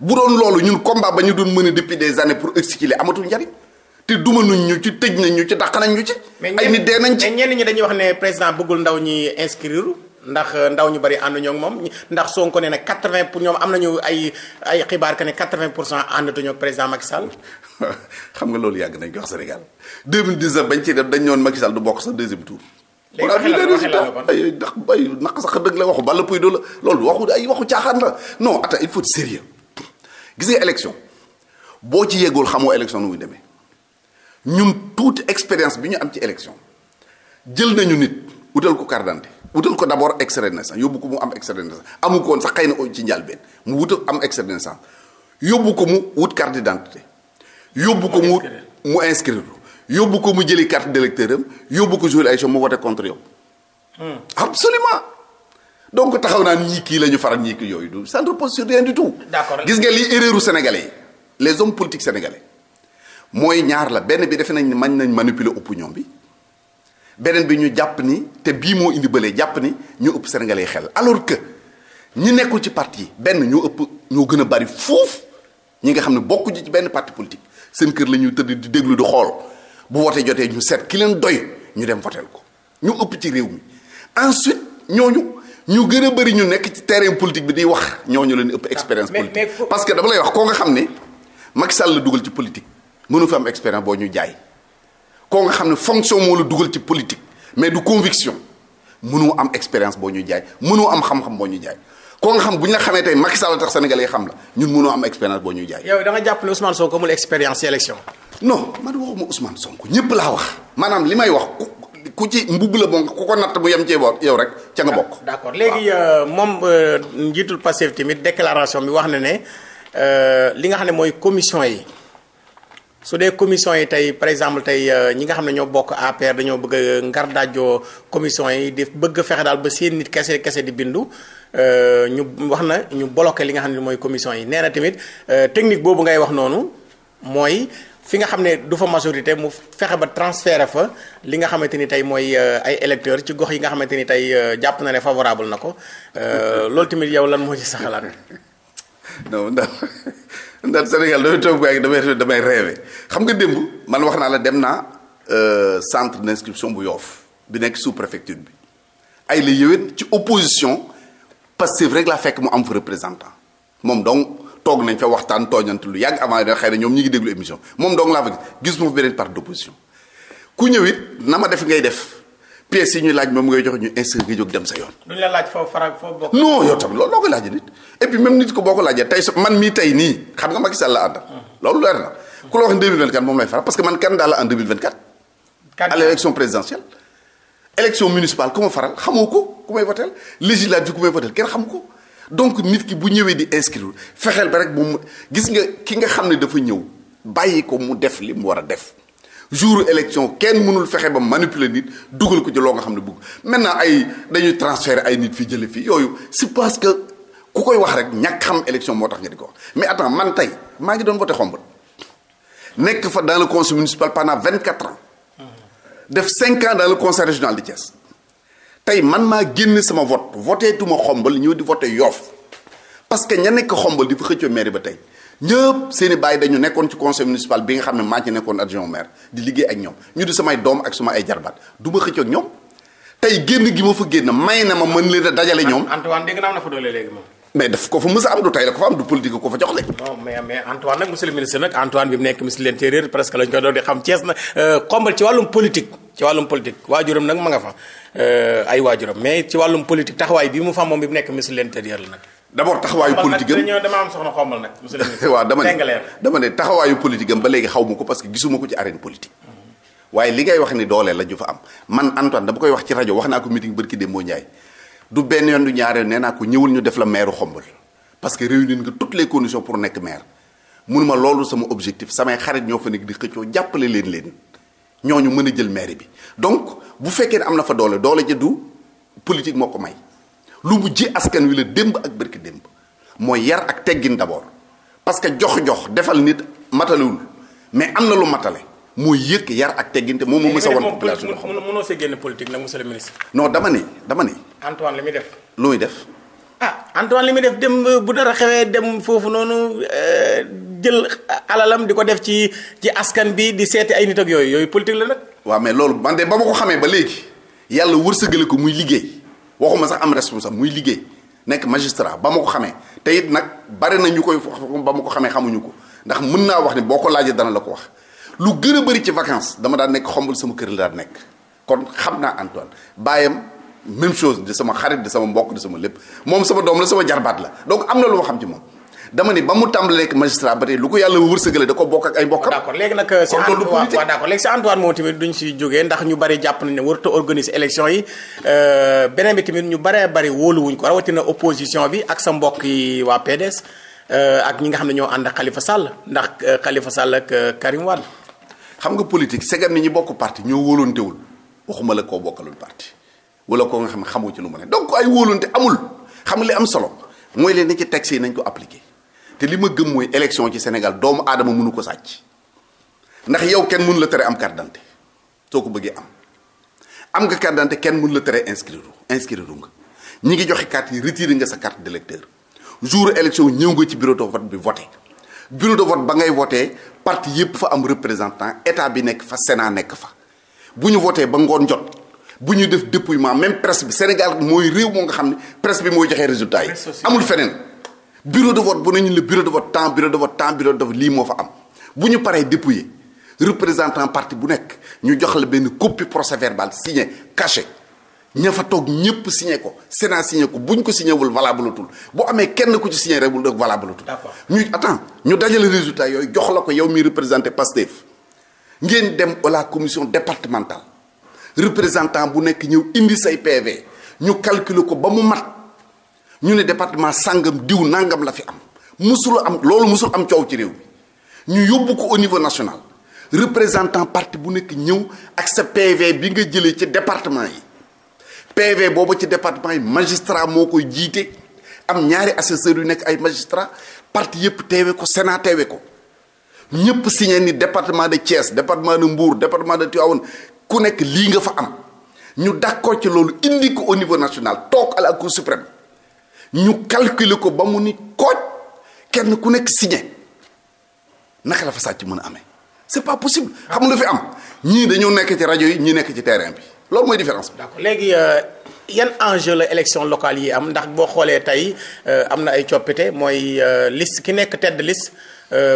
B: bu doon loolu ñun combat ba ñu doon mëne depuis des années pour
A: expliquer amatul njariñ te duma nuñ ñu ci tëj nañ ñu ci dàq nañ ñu ci. ay nit dee nañ ci mais ñenn ñi dañuy wax ne président bëggul ndaw ñi inscrire. ndax euh, ndaw ñu bari ànduñoo ak moom ndax Sonko ne na 80 pour ñoom am nañu ay ay xibaar que ne 80 pour cent àndatuñoo ak président Macky Sall.
B: xam nga loolu yàgg nañ ko wax Sénégal 2019 bañ ciy def dañ ñëwoon Macky du bokk sa deuxième tour.
A: léegi waxi la waxi la kon
B: ay ndax la waxu Balla Pouye do la loolu waxu ay waxu caaxaan la non attends il faut être sérieux gis nga élection boo ci yeggool xamoo élection nu muy demee ñun tuuti expérience bi ñu am ci élection jël nañu nit utal ko carte wutal ko d' abord extrait de naissance yóbbu ko mu am extrait de naissance amu ko woon sax xay na ci njëlbéen mu wutal am extrait de naissance yóbbu ko mu wut carte d' identité. yóbbu ko mu mu inscrire yóbbu ko mu jëli carte d' électeur am yóbbu ko joué ay élection mu voté contre yow. Hmm. absolument donc taxaw naan ñii kii la ñu faral ñii kii yooyu du ça ne repose sur rien du tout. gis nga lii erreuru sénégalais yi les hommes politiques sénégalais mooy ñaar la benn bi defe nañ mañ nañ manipuler opinion bi. beneen bi ñu jàpp ni te bii moo indi bële jàpp ni ñu ëpp sénégalais xel alors que ñi nekkul ci parti benn ñu ëpp ñoo gën a bari fuuf ñi nga xam ne bokku ci benn parti politique seen kër la ñuy tëdd di déglu du xool bu wootee jotee ñu seet ki leen doy ñu dem voteel ko ñu ëpp ci réew mi ensuite ñooñu. ñu gën a bari ñu nekk ci terrain politique bi di wax ñooñu leen ëpp expérience ah,
A: politique parce que dama lay wax
B: koo nga xam ni mag Sall la dugal ci politique mënu fi am boo ñu jaay koo nga xam ne fonction moo la dugal ci politique mais du conviction mënoo am expérience boo ñu jaay mënoo am xam-xam boo ñu jaay koo nga xam bu ñu la xamee tey Macky Sall tax Sénégalais yi xam la ñun mënoo am expérience boo ñuy jaay.
A: yow da nga jàpp ne Ousmane Sonko amul expérience
B: ci élection. non man waxuma Ousmane Sonko ñëpp laa wax maanaam li may wax ku ci mbubb la bonk ku ko natt bu yam cee boor yow rek
A: ca nga ah, bokk. d'accord léegi euh, moom euh, njiitul Pastef tamit déclaration bi wax na ne euh, li nga xam ne mooy commission yi. su dee commission yi tey par exemple tey euh, ñi nga xam ne ñoo bokk APR dañoo bëgg a ngar daajoo commission yi di bëgg fexe daal ba seen nit kese kese di bindu euh, ñu wax na ñu bloqué li nga xam ne mooy commission yi nee tamit euh, technique boobu ngay wax noonu mooy fi nga xam ne du fa majorité mu fexe ba transféré fa li nga xamante ni tey mooy ay électeurs ci gox yi nga xamante ni tey jàpp na ne favorable na ko loolu tamit yow lan moo ci saxalaat
B: ndax Sénégal dafay toog waaye damay damay rêvé xam nga démb man wax naa la dem na euh, centre d'inscription bu yoof bi nekk sous préfecture bi ay la yëwét ci opposition que rek laa fekk mu am fa représentant moom donc toog nañ fa waxtaan tooñante lu yàgg avant da xëy na ñoom ñi ngi déglu émission moom donc laa fa gis gis ma fa beneen parti d'opposition ku ñëw it na ma def ngay def pièces yi ñu laaj moom ngay jox ñu inscrire nga jóg dem sa yoon.
A: duñ la laaj foofu farag foofu bokk. non yow tam
B: loolu loo ko laajee nit et puis nit ko boo ko laajee tey man mii tey nii xam nga Macky Sall la àndal. que man candidat la en 2024. candidat à l'élection présidentielle. élection municipale ku ma ko ku may voteel législative ku ko donc nit ki bu ñëwee di inscrire fexeel ba rek bu gis nga ki nga xam ne dafa ñëw bàyyi ko mu def li mu war a def. jour élection kenn mënul fexe ba manipuler nit dugal ko ci loo nga xam ne bëgg maintenant ay dañuy transférer ay nit fi jële fii yooyu c'est parce que ku koy wax rek ñàkk xam élection moo tax nga di ko wax mais attends man tey maa ngi doon voté xombal nekk fa dans le conseil municipal pendant vingt quatre ans def cinq ans dans le conseil régional de Thiès tey man maa génn sama vote voté tuma xombal ñëw di voté yoof parce que ña nekk xombal di fa xëcco maire ba tey ñëpp seen i bàyyi dañu nekkoon ci conseil municipal bi nga xam ne maa ci nekkoon adjoint maire di liggéey ak ñoom ñu di samay doom ak suma ay jarbaat du ma xëccoog ñoom tey génn gi ma fa génn may na ma mën leen a dajale ñoom. mais daf ko fa mës a am du tey la ko fa am du politique
A: ko fa jox léegi. mais Antoine nag monsieur le ministre nag Antoine bi mu nekk ministre de l'intérieur presque lañ koy doon di xam Thiès na xombal euh, ci wàllum politique ci wàllum politique waajuram euh, la nag d' abord taxawaayu politique am dama am soxna xombal nag. monsieur le ministre waaw dama ne dama ne taxawaayu politique ba
B: léegi xaw ma ko parce que gisuma ko ci arène politique. Mhm. waaye li ngay wax ni doole la ñu fa am man Antoine dama koy wax ci rajo wax naa ko meeting bërki dem moo Ndiaye du benn yoon du ñaareel nee naa ko ñëwul ñu def la maire xombal parce que réunir nga toutes les conditions pour nekk maire munuma loolu sama objectif samay xarit ñoo fa nekk di xëccoo jàppale leen leen ñoo ñu mën a jël maire bi donc bu fekkee ne am na fa doole doole ja du politique moo ko may. lu mu ji askan wi la démb ak bërki démb mooy yar ak teggin d'abord parce que jox-jox defal nit matalewul mais am na lu matale mooy yëkk yar ak tegginte moom moo mës a wan population bi xam
A: mënoo see génn politique nag monsieur le ministre. non
B: dama ni dama ni.
A: Antoine li muy def. lu muy def. ah Antoine li muy def dem euh, bu dara xewee dem foofu noonu euh, jël alalam di ko def ci ci askan bi di seeti ay nit ak yooyu yooyu politique la nag. waaw mais loolu man de ba ma ko xamee ba léegi
B: yàlla wërsëgale ko muy liggéey. waxuma sax am responsable muy liggéey nekk magistra ba ma ko xamee te it nag bari na ñu koy ba ma ko xamee xamuñu ko ndax mën naa wax ne boo ko laajee dana la ko wax lu gën a bëri ci vacances dama daan nekk xombal sama kër la daan nekk kon xam naa Antoine baayam même chose di sama xarit di sama mbokk di sama lépp moom sama doom la sama jarbaat la
A: donc am na lu ma xam ci moom dama ni ba mu tàmbalee nekk magistrat ba tey lu ko yàlla wërsëgale da ko bokk ak ay mbokkam. d'accord léegi nag euh, si Antoine waaw d'accord léegi si ndax ñu bari jàpp nañ ne warut a organiser élection yi euh, beneen bi tamit ñu baree bari wóoluwuñ ko rawatina opposition bi ak sa mbokk yi waa euh, ak ñi nga xam ne ñoo ànd ak Khalifa Sall ndax Khalifa Sall ak Karim xam nga politique segam ni ñi bokk parti ñoo wóolontewul waxuma la koo bokkalul
B: parti wala koo nga xam ne xamoo ci lu ma ne donc ay wóolonte amul xam nga li am solo mooy leen ni ci texte yi nañ ko appliquer te li ma gëm mooy élection ci Sénégal doomu aadama mënu ko sàcc ndax yow kenn mënu la tere am carte d'identité soo ko bëggee am am nga carte d'identité kenn mënu la tere inscrire inscrire nga ñi ngi joxe carte yi retiré nga sa carte d'électeur jour élection ñëw nga ci bureau de vote bi voté bureau vote ba ngay voté parti yépp fa am représentant état bi nekk fa Sénat nekk fa bu ñu voté ba ngoon jot bu ñu def dépouillement même presse bi Sénégal mooy réew moo nga xam ne presse bi mooy joxe résultat yi amul feneen bureau de vote bu nañu le bureau de vote temps bureau de vote temps bureau de vote lii moo fa am bu ñu paree dépouiller représentant partie bu nekk ñu jox la benn copie procès verbal signé caché ña fa toog ñëpp signé ko Sénat signé ko bu ñu ko signé wul valablatul bu amee kenn ku ci signé rek wul valablatul. ñu attends ñu dajale résultat yooyu jox la ko yow mii représenté Pastef ngeen dem la commission départementale représentant bu nekk ñëw indi say ñu calculer ko ba mu mat. ñu ne département sangam diw nangam la fi am musul am loolu musul am coow ci réew mi ñu yóbbu ko au niveau national représentant parti bu nekk ñëw ak sa PV bi nga jëlee ci département yi PV boobu ci département yi magistra moo koy jiite am ñaari assesseurs yu nekk ay magistrat parti yëpp teewe ko Sénat ko ñëpp signé ni département de Thiès département de Mbour département de Tivaouane ku nekk lii nga fa am ñu d'accord ci loolu indi ko au niveau national toog à la Cour ñu calculer ko ba mu ni kooj kenn ku nekk signé naka la fa sàcc mën a amee
A: c'est pas possible. xam nga lu fi am ñii dañoo nekk ci rajo yi ñii nekk ci terrain bi loolu mooy différence bi. d'accord léegi euh, yan enjeu la élection locale yi am ndax boo xoolee tey euh, am na ay coppite mooy euh, liste ki nekk tête de liste.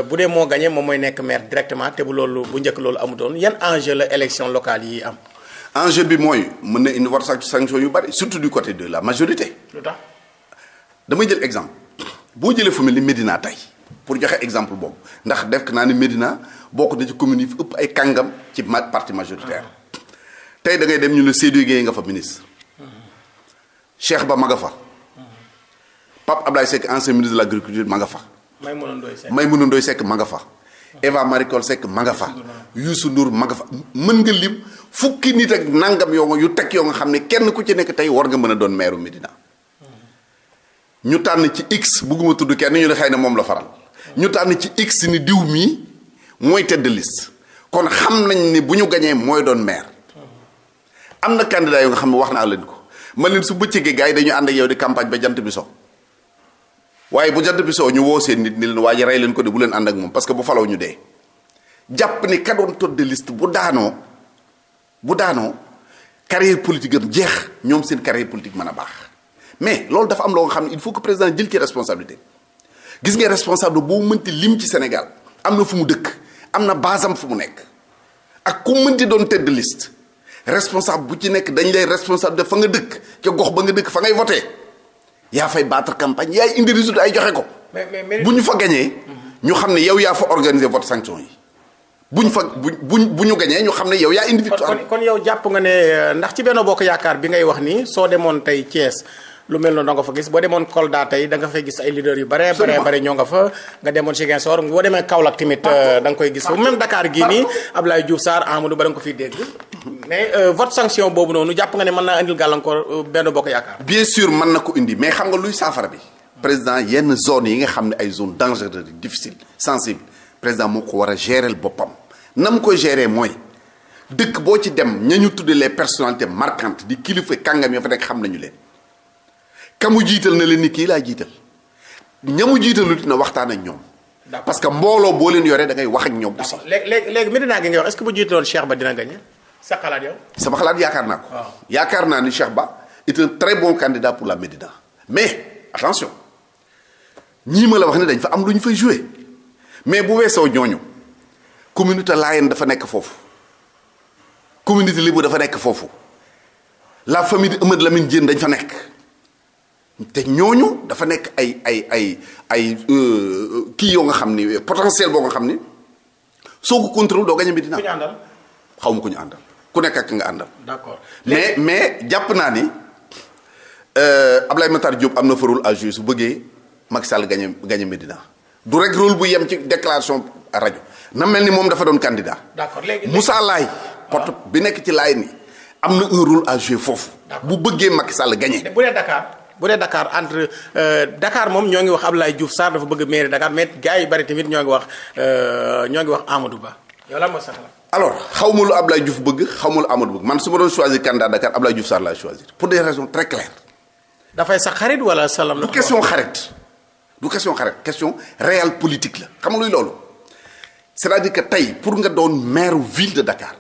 A: bu dee moo gagné moom mooy nekk maire directement te bu bu njëkk loolu amutoon yan enjeu la élection locale yi am.
B: enjeu bi mooy mën na indi war sanction yu bari surtout
A: du côté de la majorité. lu damay jël exemple
B: boo jëlee fu mel tey pour joxe exemple boobu ndax def naa ne Médina bokk na ci commune yi fi ëpp ay kàngam ci ma parti majoritaire tey da ngay dem ñu ne Seydou Guèye nga fa ministre Cheikh Ba ma nga fa Pape Abdoulaye Seck ancien ministre de l' ma nga fa.
A: Maïmouna Ndoye Seck
B: Maïmouna Ndoye Seck ma nga fa. Eva Marie Coll Seck ma nga fa. Youssou Ndour ma fa mën nga lim fukki nit ak nangam yoo nga yu teg yoo nga xam ne kenn ku ci nekk tey war nga mën a doon maire Médina. ñu tànn ci x bugguma tudd kenn ñu ne xëy na moom la faral ñu tànn ci x ni diw mii mooy tedd liste kon xam nañ ni bu ñu gañee mooy doon maire am na candidat yu nga xam ne wax naa leen ko man leen su bëccëgee gars yi dañu ànd ak yow di campagne ba jant bi so waaye bu jant bi ñu woo seen nit ni leen waa ji rey leen ko de bu leen ànd ak moom parce que bu falaw ñu dee jàpp ni ka doon tëdd liste bu daanoo bu daanoo carrière politique am jeex ñoom seen carrière politique mën a baax mais loolu dafa am loo nga xam ne il faut que président jël ci responsabilité gis nga responsable boo mënti lim ci Sénégal am na fu mu dëkk am na baasam fu mu nekk ak ku mënti doon tête de responsable bu ci nekk dañ lay responsable de fa nga dëkk ca gox ba nga dëkk fa ngay voté yaa fay battre campagne yaay indi résultat ay joxe ko. bu ñu fa gañee ñu xam ne yow yaa fa organiser vote sanction yi. buñ fa buñ bu ñu gañee ñu xam ne yow yaa indi victoire
A: kon yow jàpp nga ne euh, ndax ci benn bokk yaakaar bi ngay wax nii soo demoon tey Thiès. lu mel noonu da nga fa gis boo demoon Kolda tey da fay gis ay leaders yu bare bare bare ñoo nga fa nga demoon Ziguinchor boo demee Kaolack tamit euh, da koy gis foofu même Dakar gii nii Abdoulaye Diouf Sarr Amadou Ba da ko fiy dégg mais euh, vote sanction boobu noonu jàpp nga ne man naa indil gàllankoor euh, benn bokk yaakaar bien sûr mën na ko indi mais xam nga luy saafara bi président
B: yenn zone yi nga xam ne ay zone dangereuse difficile sensible président moo ko war a gérer boppam na mu koy géeree mooy dëkk boo ci dem ña ñu tuddee les personnalités marquantes di kilifa kàngam yoo fa nekk xam nañu leen kamu jiital na leen ni kii laa jiital ñamu jiitalut dina waxtaan ak ñoom. parce que mbooloo boo leen yoree dangay ngay wax ak ñoom. aussi
A: léegi léegi Medina gi nga wax est-ce que bu jiitaloon Cheikh Ba dina gagné sama
B: xalaat yaakaar naa ko. Ah. yaakaar naa ni Cheikh Ba est un très bon candidat pour la Médina mais attention ñii ma la wax ne dañ fa am lu ñu fay joué mais bu weesoo ñooñu communauté Layène dafa nekk foofu communauté Lébu dafa nekk foofu la famille de Amad Lamine Diène fa nekk. te ñooñu dafa nekk ay ay ay ay euh, kii yoo nga xam ni potentiel boo nga xam ni soo ko contrôle doo gañe bi dina xaw ma ku ñu àndal ku nekk ak nga àndal. d'accord mais mais jàpp naa ni euh, Ablaye Matar Diop am na fa rôle à su bëggee Macky Sall gañe gañe Medina du rek rôle bu yem ci déclaration rajo na mel ni moom dafa doon candidaa d'accord léegi Moussa Laye bi nekk ci laay ni am na un rôle à jouer foofu. bu bëggee Macky Sall gañe.
A: bu dee bu dee Dakar entre euh, dakaar moom ñoo ngi wax Abdoulaye Diouf Sarr dafa bëgg mairie Dakar mais gars yi bari tamit ñoo ngi wax euh, ñoo ngi wax Amadou Ba yow lan mooy
B: alors xaw ma lu Abdoulaye Diouf bëgg xaw ma lu Amadou bëgg man su ma doon choisir candidat Dakar Abdoulaye Diouf Sarr laay choisir pour des raisons très claires.
A: dafay sax xarit wala salaam la. du question xarit
B: du question xarit question réelle politique la xam nga luy loolu c'est-à-dire que tey pour nga doon maire ville de Dakar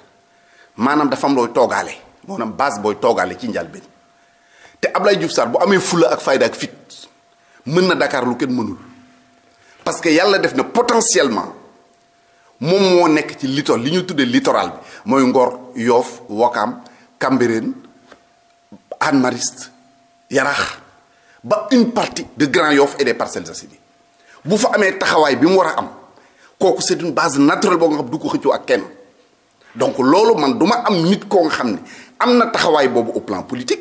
B: maanaam dafa mu looy toogaale maanaam base booy toogaale ci njëlbéen. te Ablaye Diouf saar bu amee fulla ak fayda ak fit mën na Dakar lu kenn mënul parce que yàlla def na potentiellement moom moo nekk ci littoral li ñu tuddee littoral bi mooy Ngor yoof Wakaam Cambérène Hann Mariste Yaraax ba une partie de Grand Yoff et des Parcelles Assainies bu fa amee taxawaay bi mu war a am kooku c'est une base naturelle boo nga xam du ko xëccoo ak kenn donc loolu man du ma am nit koo nga xam ne am na taxawaay boobu au plan politique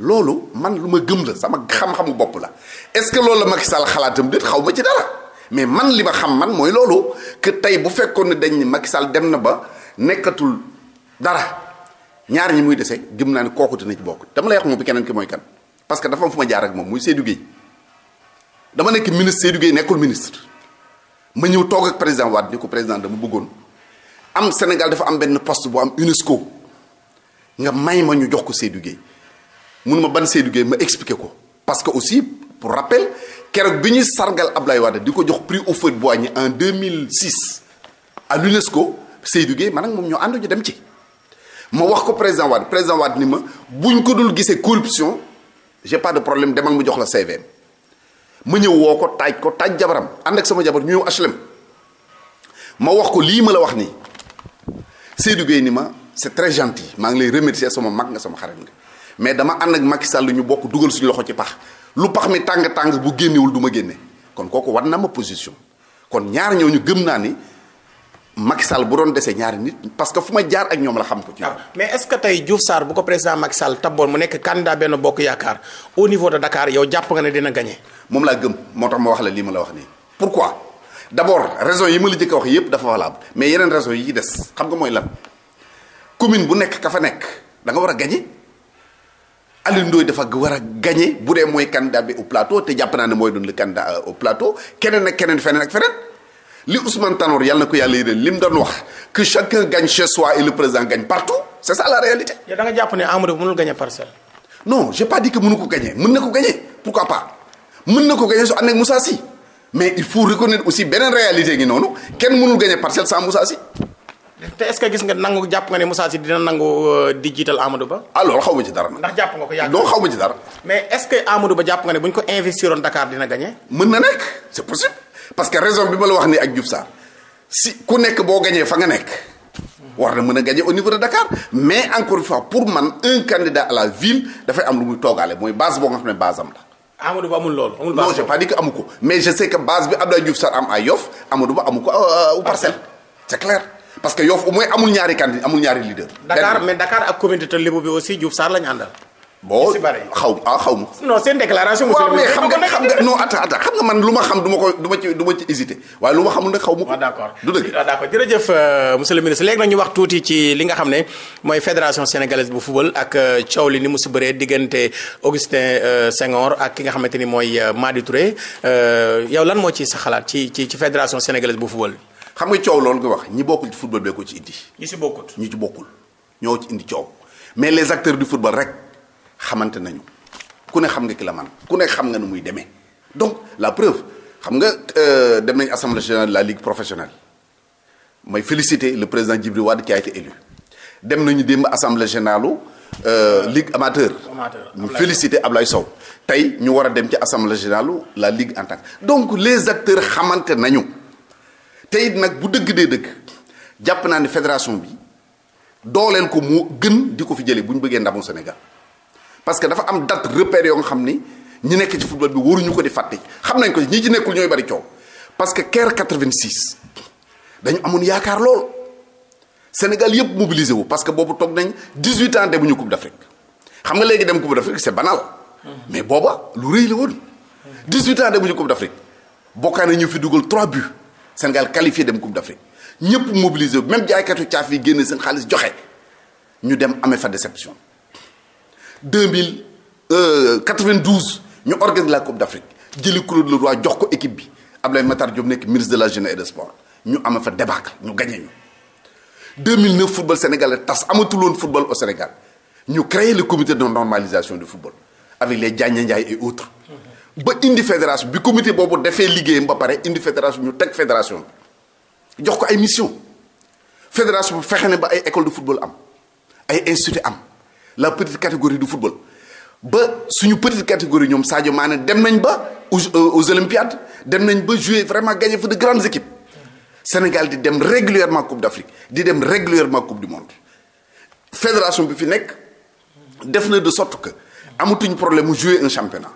A: loolu man lu ma gëm la sama xam-xamu
B: bopp la est-ce que loolu la Macky Sall xalaatam déet xaw ma ci dara mais man li ma xam man mooy loolu que tey bu fekkoon ne dañ Macky Sall dem na ba nekkatul dara ñaar ñi muy dese gëm naa ne kooku dina ci bokk dama lay wax moom bi keneen ki mooy kan parce que dafa am ma jaar ak moom muy Seydou Guèye dama nekk ministre Seydou Guèye nekkul ministre ma ñëw toog ak président Wade ni ko président dama bëggoon am Sénégal dafa am benn poste bu am UNESCO nga may ma ñu jox ko Seydou Guèye mun ma ban Seydou Gueye ma expliqué ko parce que aussi pour rappel keroog bi ñuy sargal Ablaye Wade di ko jox prix Houphouët-Boigny en 2006 à l'UNESCO Seydou Gueye man ak moom ñoo ànd ñu dem ci ma wax ko président Wade président Wade ni ma buñ ko dul gisee corruption j'ai pas de problème demal mu jox la CVM ma ñëw woo ko taaj ko taaj jabaram ànd ak sama jabar ñu ñëw HLM ma wax ko lii ma la wax nii Seydou Gueye ni ma c'est très gentil maa ngi lay remercier sama mag nga sama xarit nga mais dama ànd ak Macky Sall ñu bokk dugal suñu loxo ci pax lu pax mi tàng tàng bu génnewul du ma génne kon kooku war na ma position kon ñaar ñu gëm naa ni Macky Sall bu doon desee ñaari nit
A: parce que fu ma jaar ak ñoom la xam ko ci. Ah, mais est-ce que tey Diouf Sarr bu ko président Macky Sall tabboon mu nekk candidat benn bokk yaakaar au niveau de Dakar yow jàpp nga ne dina gagné. moom laa gëm moo tax ma wax la lii ma la wax nii. pourquoi d'abord raison yi ma
B: la jëkk a wax yépp dafa valable mais yeneen raison yi ci des nga mooy lan commune bu nekk ka nekk da nga war a Alioune Ndoye a gagné bu dee mooy candidat bi au plateau te jàpp naa ne mooy doon le candidat euh, au plateau keneen ak keneen feneen ak li Ousmane Tanor yàlla na ko yàlla jàpp ne Amadou mënul gagné parcelle. non j'ai pas dit que ko gagné mën na ko gagné pourquoi pas mën na ko gagné su ànd ak Moussa mais il faut reconnaître aussi beneen réalité ngi noonu
A: kenn mënul gagné parcelle sans Moussa te est-ce que gis nga nangu jàpp nga ne Moussa Sy dina nangu euh, di jiital Amadou Ba. ah loolu xaw ma ndax jàpp nga ko yàgg. xaw ma ci dara. mais est-ce que Amadou Ba jàpp nga ne bu ñu ko investiroon Dakar dina gagné. parce que raison bi ma wax nii ak Diouf Sarr
B: ku nekk boo gagné fa nga nekk. war na mën a gagné au niveau mais encore une pour man un candidat la ville dafay am lu muy toogaale mooy base boo nga ne base am la. Amadou Ba amul loolu amul base non j'ai amu ko mais je sais que base bi Abdoulaye am à Yoff Amadou Ba amu ko au euh, euh, Parcelles parce que Yoff au moins amul ñaari candidat amul ñaari leader. Dakar mais Dakar ak communauté Lébu bi aussi Diouf Sarr lañu àndal. boo xaw ah xaw ma.
A: non seen déclaration. monsieur xam
B: nga man lu ma xam du ma ko du ma ci du ma ci hésité waaye lu ma xamul nag xaw ma ko. Ah,
A: accord du dëgg. waaw ah, d' accord jërëjëf euh, monsieur le ministre léegi nag ñu wax tuuti ci li nga xam ne mooy fédération sénégalaise bu football ak euh, coow li ni mu si bëree diggante Augustin euh, Senghor ak ki nga xamante ni mooy Madi Touré yow lan moo ci sa xalaat ci ci ci fédération sénégalaise bu
B: xam nga coow loolu nga wax ñi bokkul ci football bee ko ci indi. ñi ci bokkut ñi ci bokkul ñoo ci indi coow mais les acteurs du football rek xamante nañu ku ne xam nga ki la man ku ne xam nga nu muy demee donc la preuve xam nga euh, dem nañ assemblée générale de la ligue professionnelle may féliciter le président Djibril Wade qui a été élu dem nañu démb assemblée générale euh, ligue amateur. amateur ñu féliciter Ablaye Sow. tey ñu war a dem ci assemblée générale la ligue en donc les acteurs xamante nañu. te it nag bu dëgg dee dëgg jàpp naa ne fédération bi dooleel ko moo gën di ko fi jëlee bu ñu bëggee ndamu Sénégal parce que dafa am date repère yoo xam ni ñu nekk ci football bi waruñu ko di fàtte xam nañ ko ñi ci nekkul ñooy bari parce que Caire 86 dañu amoon yaakaar lool Sénégal yëpp mobilisé wu parce que boobu toog nañ 18 ans demuñu Coupe d'Afrique xam nga léegi dem Coupe d'Afrique c'est banal. Mmh. mais booba lu rëy la woon. 18 ans demuñu Coupe d'Afrique bokkaan na ñu fi dugal trois buts. Sénégal qualifié dem Coupe d'Afrique ñëpp mobilisé même jaaykatu caaf yi génne seen xaalis joxe ñu dem ame fa déception 2092 euh, ñu organise la Coupe d'Afrique jëli Claude Leroy jox ko équipe bi Abdoulaye Matar Diop nekk ministre de la jeunesse et des sports ñu amee fa débâcle ñu gagné ñu. 2009 football sénégalais tas amatuloon football au Sénégal ñu créé le comité de normalisation du football avec les Diagne Ndiaye et autres. ba indi fédération bi comité boobu defee liggéeyam ba pare indi fédération ñu teg fédération bi jox ko ay mission fédération bi fexe ne ba ay école de football am ay institut am la petite catégorie du football ba suñu petite catégorie ñoom Sadio Mané dem nañ ba aux euh, Olympiades dem nañ ba jouer vraiment gagné fa de grandes équipes Sénégal di dem régulièrement Coupe d'Afrique di dem régulièrement Coupe du monde fédération bi fi nekk def na de sorte que amatuñ problème mu jouer un championnat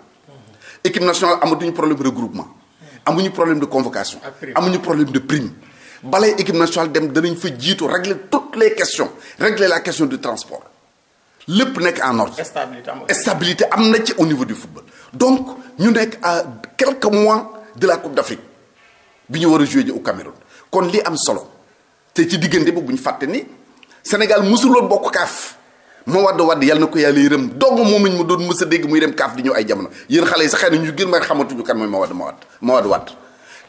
B: équipe nationale amatuñu problème de regroupement amuñu problème de convocation ñu problème de prime balay équipe nationale dem danañu fa jiitu régler toutes les questions régler la question de transport lépp nekk en ordre stabilité am na ci au niveau de football donc ñu nekk à quelques mois de la coupe d'Afrique bi ñu war a jouer ji au Cameroun kon li am solo te ci diggante bi bu ñu fàtte ni Sénégal mosuloon bokk kaaf moo wadd wadd yàlla na ko yàlla yërëm dong moom mu doon mës a dégg muy dem kaaf di ñëw ay jamono yéen xale yi sax xëy na ñu gën ma xamatuñu kan mooy ma wadd ma wadd ma wadd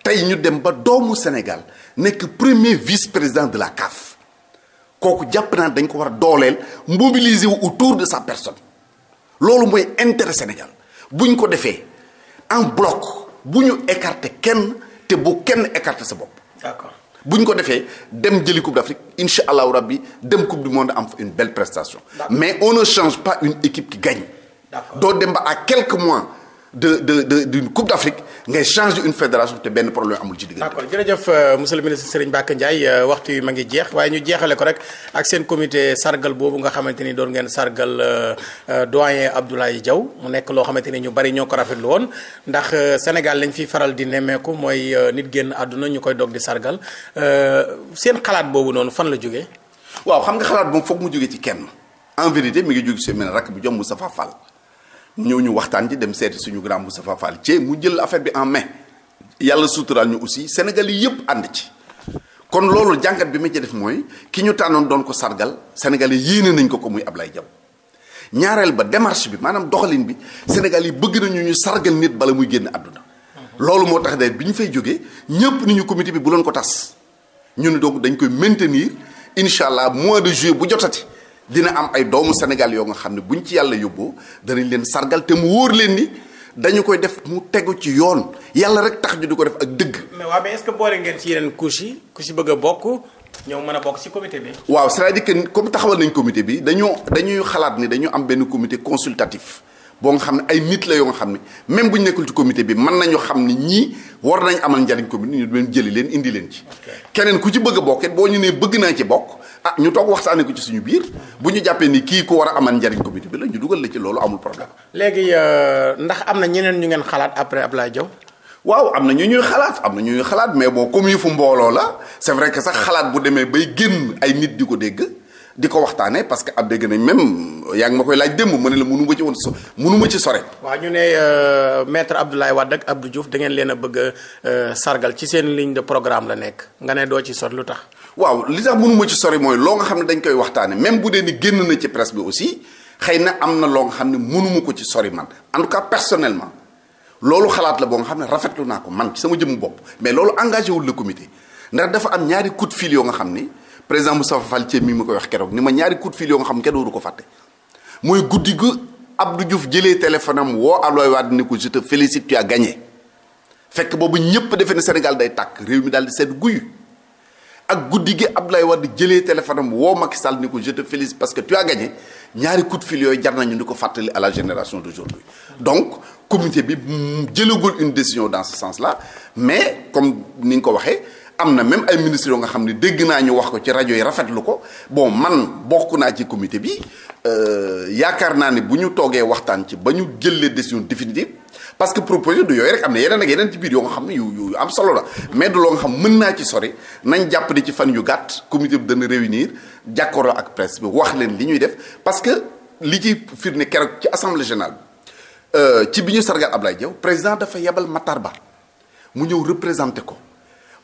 B: tey ñu dem ba doomu Sénégal nekk premier vice président de la CAF kooku jàpp naa dañ ko war a dooleel mobiliser wu autour de sa personne loolu mooy intére Sénégal bu ñu ko defee en bloc bu ñu écarter kenn te bu kenn écarter sa bopp. bu ñu ko defee dem jëli coupe d' Afrique incha allahu rabbi dem coupe du monde am fa une belle prestation. mais on ne change pas une équipe qui gagne. doo dem ba a quelques mois. de de de d'une coupe d'Afrique ngay changer une fédération benn problème amul ci
A: diggante. d'accord jërëjëf euh, monsieur le ministre Serigne Mbacké Ndiaye euh, waxtu yi ma ngi jeex waaye ñu jeexale ko rek ak seen comité sargal boobu nga xamante ni doon ngeen sargal euh, doyen Abdoulaye jaw mu nekk loo xamante ni ñu bari ñoo ko rafetlu woon ndax Sénégal lañ fiy faral di nemmeeku mooy nit génn àdduna ñu koy dog di sargal seen xalaat boobu noonu fan la jógee. waaw xam nga xalaat moom foog mu jógee ci kenn
B: en vérité mi ngi jóge seen rak bi jom Moustapha Fall. ñëw ñu waxtaan ci dem seeti suñu grand Moustapha Fall Thié mu jël affaire bi en main yàlla suturaal ñu aussi Sénégal yi yëpp ànd ci kon loolu jàngat bi ma ci def mooy ki ñu tànnoon doon ko sargal Sénégal yi yéene nañ ko ko muy lay Diaw ñaareel ba démarche bi maanaam doxalin bi Sénégal yi bëgg nañu ñu sargal nit bala muy génn àdduna loolu moo tax de bi ñu fay jógee ñëpp ni ñu comité bi bu doon ko tas ñu ne donc dañ koy maintenir incha allah mois de juillet bu jotati dina am ay doomu Sénégal yoo nga xam ne buñ ci yàlla yóbboo danañ leen sargal te mu wóor leen ni dañu koy
A: def mu tegu ci yoon yàlla rek tax ñu du ko def ak dëgg. mais waa mais est-ce boole ngeen ci yeneen couche ku ci bëgg a bokk ñëw mën a bokk ci comité bi.
B: waaw c'est-à-dire comme taxawal nañ comité bi dañoo dañuy xalaat ni dañu am benn comité consultatif. boo nga xam ne ay nit la yoo nga xam ne même bu ñu nekkul ci comité bi mën nañu xam ne ñii war nañ amal njariñ comité bi doon jëli leen indi leen ci. keneen ku ci bëgg a bokk boo ñu nee bëgg naa ci bokk ah ñu toog waxtaanee ko ci suñu biir bu ñu jàppee kii ku war a amal njariñ comité bi la ñu dugal la ci loolu amul problème.
A: léegi euh, ndax am na ñeneen ñu ngeen xalaat après Ablaye Diaw.
B: waaw am na ñu ñuy xalaat am na ñuy xalaat mais boo comme yëfu mbooloo la c'est vrai que sax xalaat bu demee bay génn ay nit di ko dégg di ko waxtaanee parce que ab dégg nañ même yaa ngi ma koy laaj démb ma na la mënu ma ci woon so mënu ma sore.
A: waa ñu ne euh, maître Abdoulaye Wade ak Abdou Diouf da ngeen leen a bëgg a euh, sargal ci seen ligne de programme la nekk nga ne doo ci sori lu tax.
B: waaw li tax mënu ma ci sori mooy loo nga xam ne dañ koy waxtaanee même bu dee ni génn na ci presse bi aussi xëy na am na loo nga xam ne mënu ko ci sori man en tout cas loolu xalaat la boo nga xam ne rafetlu naa ko man ci sama jëmm bopp mais loolu engagé wul le comité ndax dafa am ñaari coup de nga xam ni. président Moustapha Fall Thiam mi mu ko wax keroog ni ma ñaari coup de fil yoo nga xam kenn waru ko fàtte mooy guddi gu Abdou Diouf jëlee téléphone am woo Abdoulaye Wade ni ko je te félicite tu as fekk boobu ñëpp defe ne Sénégal day tàkk réew mi daal di seet guy ak guddi gi Abdoulaye Wade jëlee téléphone am woo Macky Sall ni ko je te félicite parce que tu as gagné ñaari coup filio fil yooyu jar nañu ni ko fàttali à la génération d'aujourd'hui donc comité bi jëlagul une décision dans ce sens mais comme ni nga ko waxee. am na même ay ministres yoo nga xam ne dégg naa ñu wax ko ci rajo yi rafetlu ko bon man bokk naa ci comité bi euh, yaakaar naa ne bu ñu toogee waxtaan ci ba ñu jëlee décision définitive parce que proposé du yooyu rek am na yeneen ak yeneen ci biir yoo nga xam ne yu yu am solo la mais loo nga xam mën naa ci sori nañ jàpp ne ci fan yu gàtt comité bi dana réunir jàkkaarloo ak presse bi wax leen li ñuy def parce que li ci firnde keroog ci assemblée générale euh, ci bi ñu sargal Ablaye Diaw président dafa yebal Matar Ba mu ñëw représenté ko.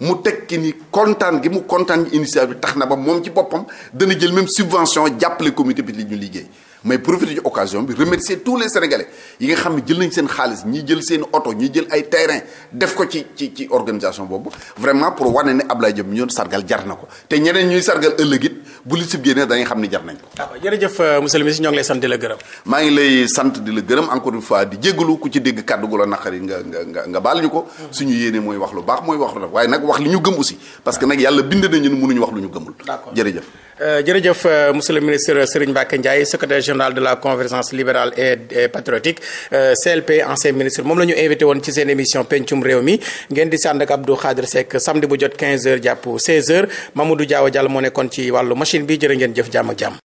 B: mu teg tekki ni kontaan gi mu kontaan initiative bi tax na ba moom ci boppam dana jël même subvention jàppale comité bi li liggéey mais profiter ci occasion bi remercier tous les sénégalais yi nga xam ne jël nañ seen xaalis ñi jël seen oto ñi jël ay terrain def ko ci ci ci organisation boobu vraiment pour wane ne Ablaye Diop mi ñoon sargal jar na ko te ñeneen ñuy sargal ëllëg it bu li sib génnee dañuy xam ni jar nañ ko.
A: d'accord jërëjëf euh,
B: monsieur le ministre ñoo ngi lay sant di la gërëm. maa ngi lay sant di la gërëm encore une di jégalu ku ci dégg kàddu gu la naqari nga nga nga baal ñu ko. Mm-hmm. suñu yéene mooy wax lu baax mooy wax lu waaye nag wax li ñu gëm aussi parce que nag yàlla bind nañu mënuñu wax lu ñu gëmul. jërëjëf
A: Euh, jërëjëf euh, monsieur le ministre Serigne Mbacké Ndiaye secrétaire général de la convergence libérale et patriotique euh, CLP ancien ministre moom la ñu invité woon ci seen émission pencum réew mi ngeen di sànd ak Abdou Khadre Seck samedi bu jot 15h jàpp 16h Mamadou Diaw Diallo moo nekkoon ci wàllu machine bi jërë ngeen jëf jàmm ak jàmm.